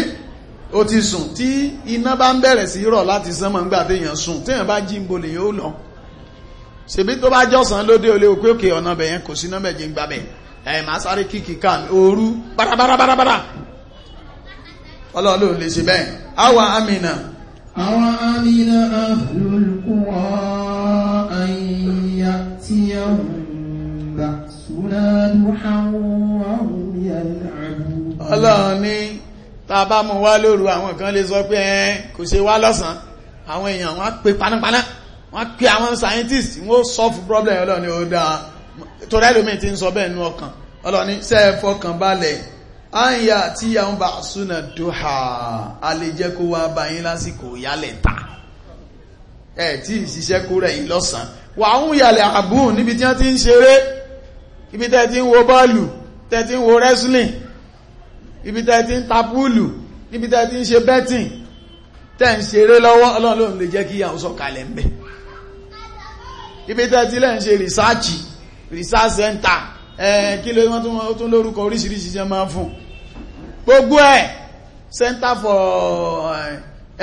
ó ti sùn tí iná bá ń bẹ̀rẹ̀ sí rọ̀ láti sánmọ̀ nígbà téèyàn sùn téèyàn bá jí ń bo lèyàn ó lọ ṣèbí tó bá jọ̀sán lóde olè òkè òkè ọ̀nà bẹ̀yẹn kò síná bẹ̀jẹ̀ ń gbàbẹ̀ ẹ̀ máa sáré kìkì kan ooru bárabárabárabára ọlọ́ọ̀lọ́ lè ṣe bẹ́ẹ̀ àwa amina. àwa amina ahlul qura an ya'tiyahum ba'suna duhan wa hum yal'abun. ọlọ́ọ̀ni tá a bá mú wá lóru àwọn kan lè sọ pé ẹn kò ṣe wá lọ́sàn àwọn èèyàn wọ́n pe panápaná wọ́n pe àwọn scientist wọ́n solve problem ọlọ́ni ó dáa torí ẹlòmí ti ń sọ bẹ́ẹ̀ nú ọkàn ọlọ́ni sẹ́ẹ̀ fọkàn balẹ̀ àyà tí àwọn bá súnà dóhà a lè jẹ́ kó wá bá yín lásìkò yálẹ̀ ta ẹ̀ tí ìṣiṣẹ́ kó rẹ̀ yín lọ́sàn wà ń yàlẹ̀ àbùn níbi tí wọ́n ti ń ṣeré ibi tẹ́ ti ń wo bọ́ọ̀lù tẹ́ ti ń wo wrestling ibi tẹ́ ti ń ta púùlù níbi tẹ́ ti ń ṣe bẹ́tìn tẹ́ ń ṣeré lọ́wọ́ ọlọ́run lòun lè jẹ́ kí ìyàwó sọ̀kalẹ̀ ń bẹ̀ ibi tẹ́ ti lẹ́ ń ṣe rìsáàcì research center ẹ̀ẹ́ kí ló wọ́n tún lórúkọ oríṣiríṣi jẹ́ máa fún gbogbo ẹ̀ center for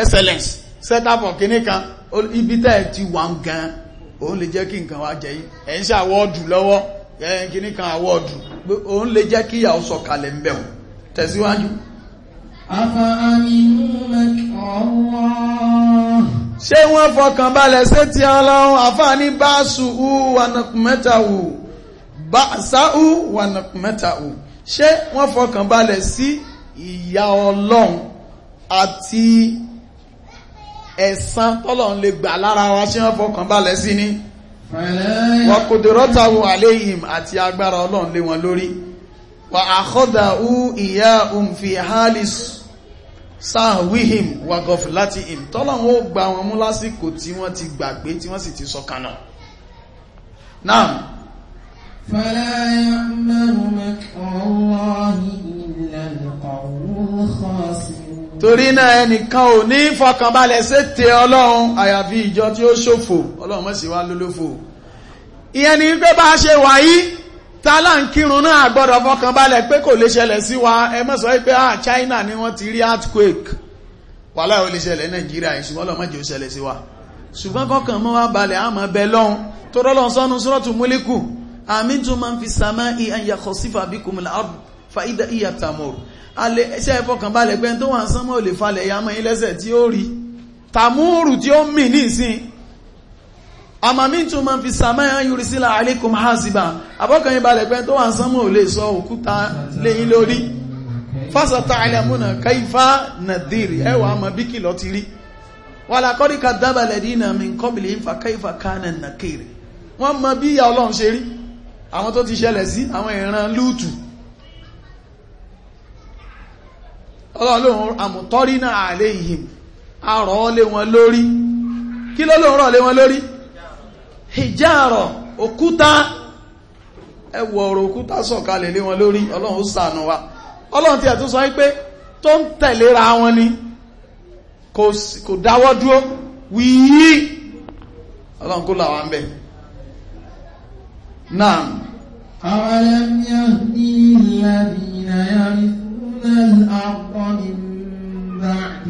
excellence center for kìíní kan ibi tẹ́ ti wà ń gan òun lè jẹ́ kí nǹkan wá jẹ́ yìí ẹ̀ ń ṣe àwọ́ọ̀dù lọ́wọ́ kìíní kan àwọ́ọ̀dù òun lè jẹ́ kí ìyàwó sọ̀kalẹ̀ ń bẹ̀wọ̀n tẹ̀síwájú ṣé wọ́n fọkàn balẹ̀ sí ti ọlọ́run àfáàní bá ṣùú wànàkùnmẹ́tàwù bá ṣáú wànàkùnmẹ́tàwù ṣé wọ́n fọkàn balẹ̀ sí ìyà ọlọ́run àti ẹ̀san tọ́lọ́run lè gbà lára wa ṣé wọ́n fọkàn balẹ̀ sí ni wọ́n kò dèrọ́tàwù àléyìn àti agbára ọlọ́run lé wọn lórí wà àkọ́dà ú ìyá òmfì halis sáàwíhìm wàgọ̀f láti ìm tọ́lọ̀wọ́ gba wọn mú lásìkò tí wọ́n ti gbàgbé tí wọ́n sì ti sọkànà náà fala ya'manu makra illa al-qawmul khasirun torí náà ẹnìkan ò ní fọkànbalẹ̀ sétè ọlọ́run àyàfi ìjọ tí ó ṣòfò ọlọ́run mọ́ sí wá lólófò ìyẹn ni pé bá ṣe wáyí tààlà ń kírun náà gbọ́dọ̀ fọkàn balẹ̀ pé kò lè ṣẹlẹ̀ sí wa ẹ má sọ ah China ni wọ́n ti rí earthquake wàhálà ò lè ṣẹlẹ̀ Nàìjíríà ìṣùgbọ́n lọ́mọ jẹ́ ó ṣẹlẹ̀ sí wa ṣùgbọ́n kọ́kàn mọ́ wa balẹ̀ àmọ́ bẹ lọ́hun tó rọ́lọ́ sọ́nu sọ́rọ́tù múlíkù àmì tó máa ń fi sàmá ìyà kọ̀ sí fàbí kùmùlà fàídà ìyà tàmùrù alẹ́ iṣẹ́ ìfọkàn balẹ̀ pé tó wà sánmọ́ ò lè falẹ̀ ya mọ́ ilẹ́sẹ̀ tí ó rí tàmùrù tí ó mì ní ìsìn ọmọ mi tún ma fi sàmáyà yúrísílà alékùn hásìbà abọ́kànyí balẹ̀ pẹ́ tó wà sánmọ̀ ò lè sọ òkúta léyìn lórí fásọ̀tà alẹ́múnà káífà nàdìrì ẹwà ọmọ bí kìlọ ti rí wà lákọ́ríkà dábàlẹ̀ dínà mi kọ́bìlì ìfà káífà kánà nàkèrè wọ́n mọ bí ìyà ọlọ́run ṣe rí àwọn tó ti ṣẹlẹ̀ sí kí lọ́lọ́run lé wọn lórí hijaro okuta ẹwọ ọ̀rọ̀ òkúta sọ̀kalẹ̀ lé wọn lórí ọlọ́run ó wa ọlọ́run ti àtúnsọ wípé tó ń tẹ̀léra wọn ni kò dáwọ́ dúró wíyí ọlọ́run kó làwọn ń bẹ̀ náà أَوَلَمْ يَهْدِ لِلَّذِينَ يَرِثُونَ الْأَرْضَ مِن بَعْدِ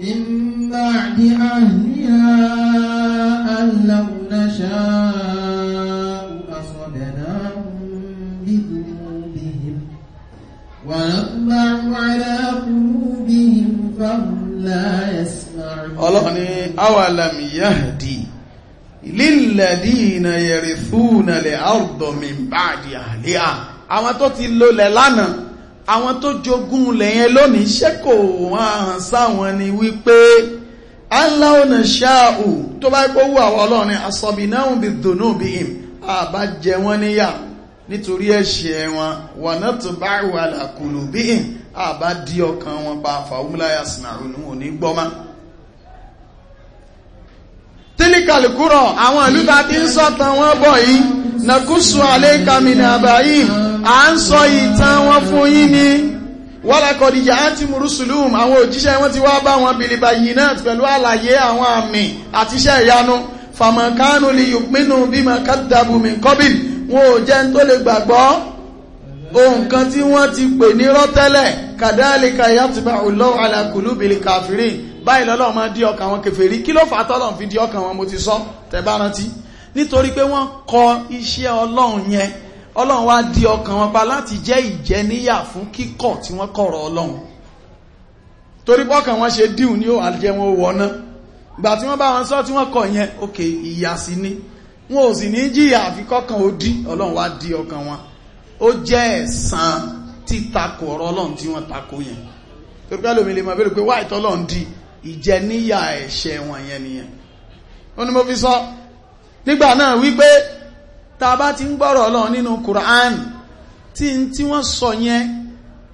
من بعد أهلها أن لو نشاء أصبناهم بذنوبهم ونطبع على قلوبهم فهم لا يسمعون الله أولم يهدي للذين يرثون الأرض من بعد أهلها àwọn tó ti lólẹ̀ lánàá àwọn tó jogún lẹ́yìn lónìí ṣé wọ́n hàn sáwọn ni wípé aláwọ̀nà ṣáàù tó bá kó wù àwọn ọlọ́rin asọ̀bìnáhùn bí dùnú bí im àbá jẹ wọ́n níyà nítorí ẹ̀ṣẹ̀ wọn wà náà tó bá wà làkùlù bí im àbá dí ọkàn wọn pa fàúmúláyà sinaru ní gbọ́mọ́ tílíkàlùkúrọ̀ àwọn ìlú ta ti ń sọ́tàn wọ́n bọ̀ yìí nàkúsù alékàmìnà àbáyí à ń sọ ìtàn wọn fún yín ni wọ́lákọ̀dìyà àti mùrùsùlùm àwọn òjíṣẹ́ wọn ti wá bá wọn bìlìbà yìí náà pẹ̀lú àlàyé àwọn àmì àtiṣẹ́ ìyanu fàmọ̀kánù lè yùpínú bímọ kádàbùmí kọ́bìl wọn ò jẹ́ tó lè gbàgbọ́ ohun kan tí wọ́n ti pè ní rọ́tẹ́lẹ̀ kàdáàlì kàyàtìbà òlọ́ àlàkùlù bìlì kàfírìn báyìí lọ́lọ́run máa dí ọkàn wọn kèfèrí kí ló fà á tọ́lọ́run fi dí ọkàn wọn mo ti sọ tẹ̀bá rántí nítorí pé wọ́n kọ iṣẹ́ ọlọ́run yẹn ọlọ́run wá dí ọkàn wọn pa láti jẹ́ ìjẹníyà fún kíkọ̀ tí wọ́n kọ̀rọ̀ ọlọ́run torí bọ́kàn wọn ṣe díù ní ó àjẹ wọn wọ̀ná ìgbà tí wọ́n bá wọn sọ tí wọ́n kọ̀ yẹn òkè ìyà sí ni wọn ò sì ní jìyà àfi kọ́kàn ó ọlọ́run wá dí ọkàn wọn ó jẹ́ ẹ̀san títakò ọ̀rọ̀ ọlọ́run tí wọ́n takò yẹn torí pé lómi lè máa bẹ̀rẹ̀ pé wáìtọ́ ọlọ́run dí ìjẹníyà ẹ̀ṣẹ̀ wọn yẹn nìyẹn ó ní mo fi sọ nígbà náà wípé tá bá ti ń gbọ́rọ̀ Ọlọ́run nínú Quran tí n tí wọ́n sọ yẹn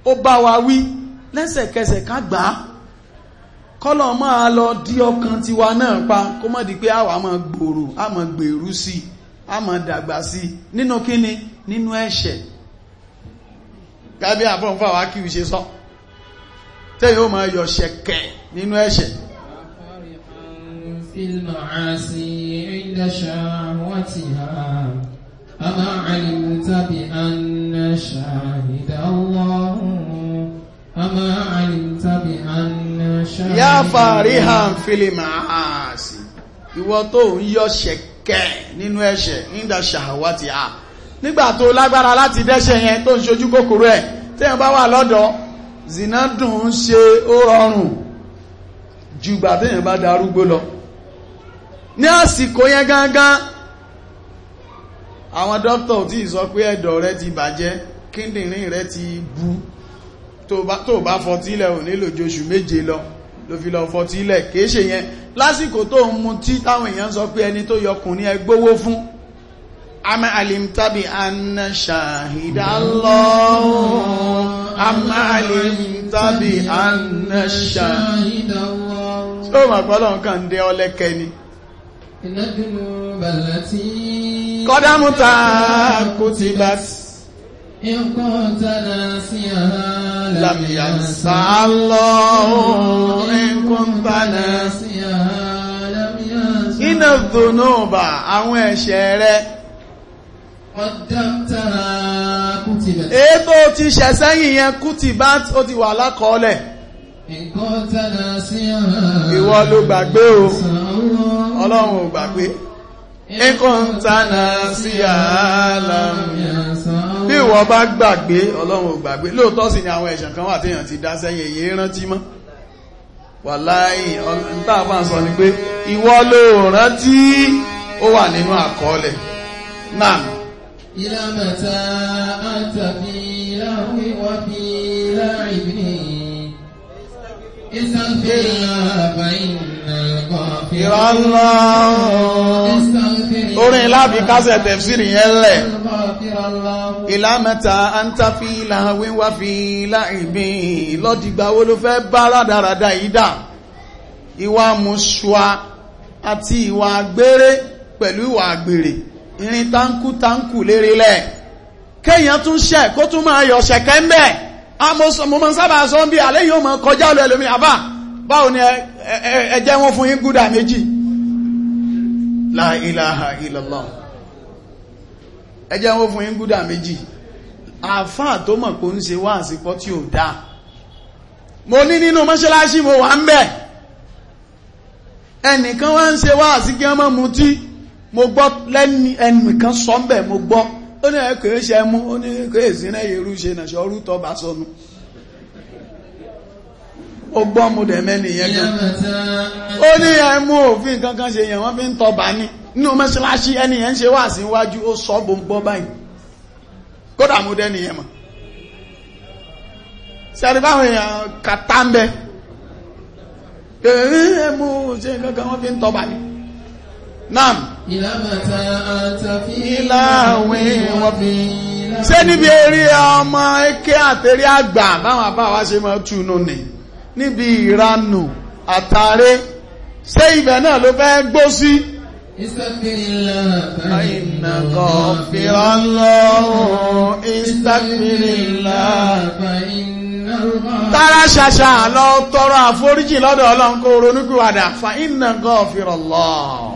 ó bá wa wí lẹ́sẹ̀kẹsẹ̀ ká gbà kọ́lọ̀ máa lọ dí ọkàn tiwa náà pa kó mọ́ di pé àwa máa gbòòrò a máa gbèrú sí i a máa dàgbà sí i nínú kíni nínú ẹ̀ṣẹ̀ gábí àbọ̀nfà wa kí ṣe sọ tẹ́yìn ó máa yọ ṣẹ̀kẹ̀ nínú ẹ̀ṣẹ̀ أما علمت بأن شاهد الله أما علمت بأن شاهد يا فارحا في المعاصي ìwọ tó ń yọ ṣẹ̀kẹ̀ nínú ẹ̀ṣẹ̀ nígbà ṣàwátì à nígbà tó lágbára láti dẹ́ṣẹ̀ yẹn tó ń ṣojú kòkòrò ẹ̀ tẹ́yàn bá wà lọ́dọ̀ zina dùn ṣe ó rọrùn ju gbàtẹ́yàn bá darúgbó lọ ní àsìkò yẹn gángan àwọn dókítà tí sọ pé ẹ̀dọ̀ rẹ ti bàjẹ́ kíndìnrín rẹ ti bu tó bá fọtílẹ̀ ò nílò jóṣù méje lọ ló fi lọ fọtílẹ̀ kéèṣe yẹn lásìkò tó ń mutí táwọn èèyàn sọ pé ẹni tó yọkùn ẹgbówó fún àmà àlìmtàbí àna ṣàhìdá lọ́wọ́ àmà àlìmtàbí àna ṣàhìdá lọ́wọ́ tó mà pọ́lọ̀ nǹkan dé ọlẹ́kẹ́ ni kọ́dámú ta kò ti bá sí لم ينسى الله إن كنت ناسيا إن الذنوب àwọn ẹ̀ṣẹ̀ rẹ o ti ṣẹ̀ sẹ́yìn yẹn kútìbá o ti wà lákọọ́lẹ̀ ìwọ ló gbàgbé o ọlọ́run ò gbàgbé nǹkan tánà sí àálàmì bí ìwọ bá gbàgbé ọlọ́run ò gbàgbé lóòótọ́ sì ni àwọn kan wà téèyàn ti dá sẹ́yìn èyí rántí mọ́ wàláì ọ̀tàbà sọ ni pé ìwọ ló rántí ó wà nínú àkọọ́lẹ̀ إلى متى أنت في لهو وفي لعب استغفر الله فإن الغافر الله orin láàbí kásẹ̀ tẹ̀fsìrì yẹn lẹ̀ ìlàmẹ́ta àǹtàfí ìlàwé wá fi láìbí lọ́dìgbà wo ló fẹ́ bá rádaràdà ìdá ìwà mùsùà àti ìwà àgbèrè pẹ̀lú ìwà àgbèrè irin táńkù táńkù lérí lẹ̀ kéèyàn tún ṣẹ̀ kó tún máa yọ ṣẹ̀kẹ́ ń bẹ̀ mo mọ sábà sọ bí alẹ́ yóò mọ kọjá lọ ẹlòmí àbá báwo ni ẹjẹ́ wọn fún yín gúdà méjì la ilaha illallah ẹjẹ́ wọn fún yín gúdà méjì àfáà tó mọ̀ kó ń ṣe wá àsìkò tí ò dáa mo ní nínú mọ́ṣáláṣí mo wà ń bẹ̀ ẹnìkan wá ń ṣe wá àsìkò ọmọ mutí mo gbọ́ lẹ́ni ẹnìkan sọ ń bẹ̀ mo gbọ́ ó ní ẹ̀kọ́ ṣe mú ó ní ẹ̀kọ́ ìsìnrẹ́ yẹrù ṣe nà ṣọ orútọ́ bá sọnù ó gbọ́ mo dẹ̀ mẹ́ni yẹn kan ó ní ẹmú òfin kankan ṣe yẹn wọ́n fi ń tọba ní inú mẹ́ṣáláṣí ẹni yẹn ń ṣe wá síwájú ó sọ bó mo dẹ́ni yẹn mọ̀ sẹ́ni báwọn wọ́n fi ń tọba ní náà ìlàmàtà àtàfi ìlàwé wọ́bí ṣé níbi eré ọmọ eke àtẹ̀rí àgbà báwọn àbáwá ṣe máa túnú ni níbi ìranù àtàrẹ ṣé ibẹ̀ náà ló fẹ́ gbó sí Tara ṣaṣa lọ tọrọ àforíjì lọ́dọ̀ Ọlọ́run kó ronúkúwàdà fa inna gọ́ọ̀fìrọ̀lọ́ọ̀.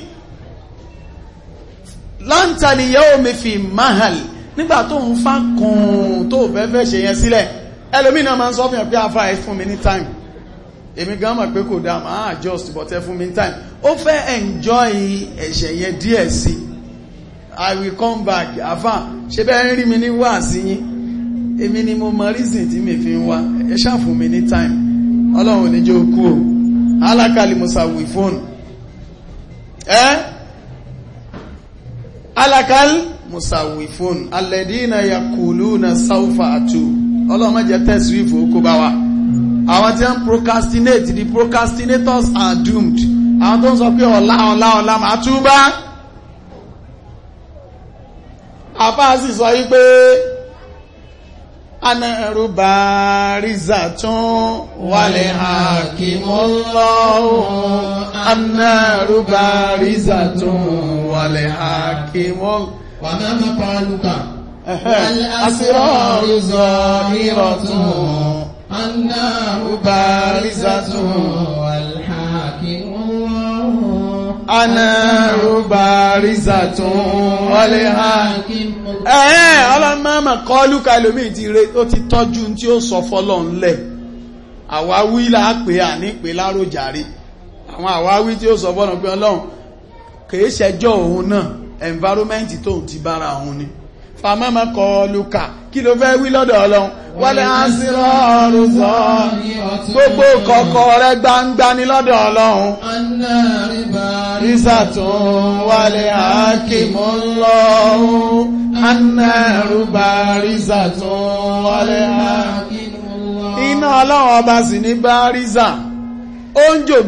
láǹtàní yẹ́ omi fi mahal nígbà tó ń fá kùn tó fẹ́fẹ́ ṣe yẹn sílẹ̀ ẹlòmínà máa ń sọ fún ẹ̀pẹ́ afá ẹ fún mi ní time èmi gan mọ̀ pé kò dá máa adjust but ẹ fún mi ní time ó fẹ́ enjoy ẹ̀ṣẹ̀ yẹn díẹ̀ sí i will come back afa ṣe bẹ́ẹ̀ rí mi ní wá sí yín èmi ni mo mọ reason tí mi fi ń wá ẹ ṣáà fún mi ní time ọlọ́run níjó kú o alákàlì musawi fóònù ẹ́ alakal musawifun alẹ́dínà yakuluna sáúfà àtú ọlọ́mọjẹ tẹ́síwìfò kó bá wa àwọn tí wọ́n procrastinate the procrastinators are doomed àwọn tó ń sọ pé ọ̀la ọ̀la ọ̀la máa túbá àfáà sì sọ yí pé anárúbà rízà tún wàlẹ̀ àkímọ́lọ́hùn anárúbà rízà tún wàlẹ̀ àkímọ́lọ́hùn wà náà mọ́ pàálùkà asírọ̀ rízọ ìrọ̀ tún anárúbà rízà tún anáhù bàrísà tún wọlé ha ẹ̀ẹ́ ọlọ́mọ́mọ́ kọ́ lúkà lómi ti rẹ ó ti tọ́jú tí ó sọ fọ́lọ̀ ńlẹ̀ àwáwí láàpẹ́ ànípé láròjàre àwọn àwáwí tí ó sọ fọ́lọ̀ pé ọlọ́run kìí ṣẹjọ́ òun náà environment tóun ti bára òun ni fàmọ́mọ́ kọ lùkà kí ló fẹ́ wí lọ́dọ̀ ọlọ́run sí sọ gbogbo kọ̀ọ̀kọ̀ rẹ gbangba ní lọ́dọ̀ ọlọ́run ìsàtún wọ́lẹ̀ á kì ìsàtún ọba sì ní ó ń jò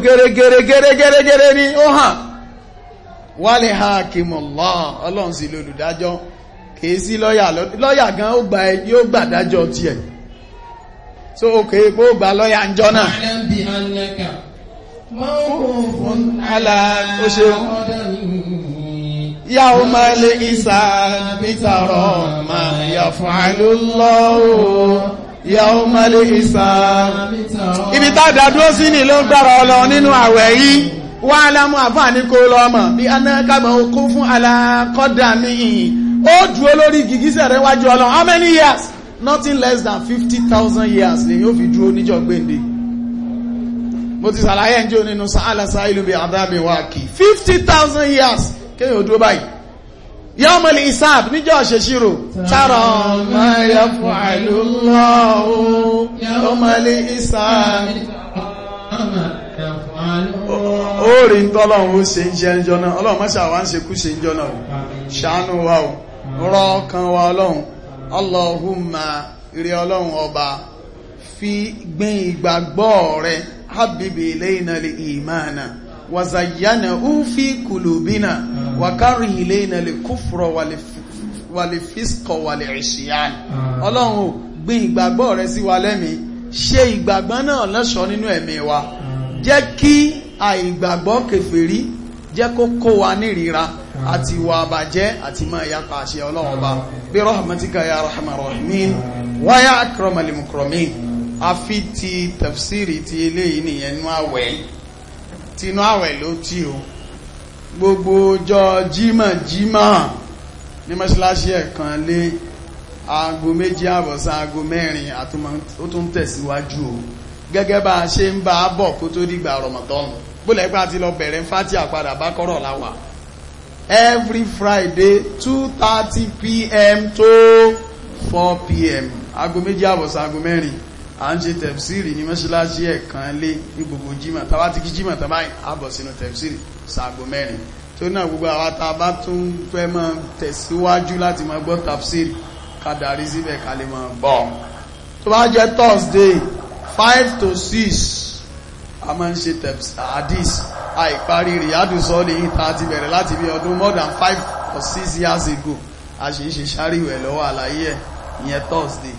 ní ó hàn ọlọ́run sì kìí sí lọ́yà lọ́yà gan ó gba yóò gbàdájọ́ ti ẹ̀ so òkè epo gba lọ́yà ń jọ náà ala o ṣeun yà ó máa lè ìsà pítàrọ̀ máa yà fún àlùlọ́wọ́ yà ó máa lè ìsà ibi tá dàdúró sí ni ló gbára ọlọ nínú àwẹ̀ yìí wà lámú àfáà ní kó lọ́mọ̀ bí anákàmọ̀ okó fún alákọ́dà míì ó dúró lórí gìgísẹ̀ rẹ̀ wájú ọlọ́run how many years nothing less than fifty thousand years lè yóò fi dúró níjọ́ gbèǹde mo ti sàlàyé ẹjọ́ nínú sàálàsà ìlú bí àdábì wà kì fifty thousand years kéèyàn dúró báyìí yọ́mọ̀ lè isab níjọ́ ṣeṣírò tààrà ọmọ ẹ̀yàfọ́ àìlúlọ́wọ́ yọ́mọ̀ lè isab ó rí ń tọ́lọ́run ó ṣe ń jẹ́ ń jọ náà ọlọ́run mọ́ṣà wá ń ṣe kú ṣe ń jọ náà ṣàánú wa o rọ̀ ọkàn wa ọlọ́run allahumma ire ọlọ́run ọba fi gbìn ìgbàgbọ́ rẹ̀ habibi ilayna li imana wa zayyana hu fi kulubina wa kari ilayna li kufra wa li ọlọ́run gbìn ìgbàgbọ́ rẹ̀ sí wa lẹ́mi ṣe ìgbàgbọ́ náà lọ́ṣọ́ nínú ẹ̀mí wa jẹ́ kí àìgbàgbọ́ kèfèrí jẹ́ kó kó wa nírira àti ìwà àbàjẹ́ àti máa yapa àṣẹ ọlọ́run bá bí rahmatika ya rahman rahimin wa ya akramal mukramin ti tafsiri ti eléyìí nìyẹn nú àwẹ̀ tinú àwẹ̀ ló tí o gbogbo ọjọ́ jímọ̀ jímọ̀ ní mọ́ṣíláṣí ẹ̀kan lé aago méjì àbọ̀sá aago mẹ́rin ó tún tẹ̀síwájú o gẹ́gẹ́ bá a ṣe ń bá a bọ̀ kó tó dìgbà rọ̀mọ̀tọ́nù bólẹ̀pá ti lọ bẹ̀rẹ̀ fátí àpadà bá kọ́rọ̀ láwà every friday two thirty pm to four pm aago méjì àbọ̀sán aago mẹ́rin à ń ṣe tẹ̀fsìrì ní mọ́ṣáláṣí ẹ̀kan lé ní gbogbo jímọ̀ tàbá ti kí jímọ̀ tàbá àbọ̀ sínú tẹ̀fsìrì ṣaago mẹ́rin tó náà gbogbo àwa tá a bá tún fẹ́ máa tẹ̀síwájú láti máa gbọ́ tẹ̀fsìrì ká darí síbẹ̀ ká lè máa bọ̀ tó bá jẹ́ thursday five to six a máa ń ṣe tẹ̀ps àdís àìparí riyadu sọ́ọ̀lì yìí ta ti bẹ̀rẹ̀ láti bí ọdún more than five or six years ago a ṣe ń ṣe ṣáríwẹ̀ lọ́wọ́ àlàyé ẹ̀ ìyẹn thursday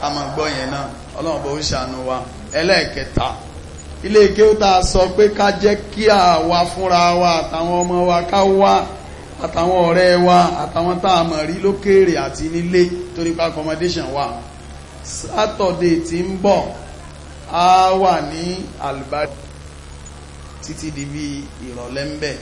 ká máa gbọ́ yẹn náà ọlọ́run bó ń ṣàánú wa ẹlẹ́ẹ̀kẹta ilé ike ó ta sọ pé ká jẹ́ kí àwa fúnra wa àtàwọn ọmọ wa ká wá àtàwọn ọ̀rẹ́ wa àtàwọn tá a mọ̀ rí lókèèrè àti nílé torí pa accommodation wa saturday ti ń bọ̀ a wà ní àlùbáyé títí di bí ìrọ̀lẹ́ ń bẹ̀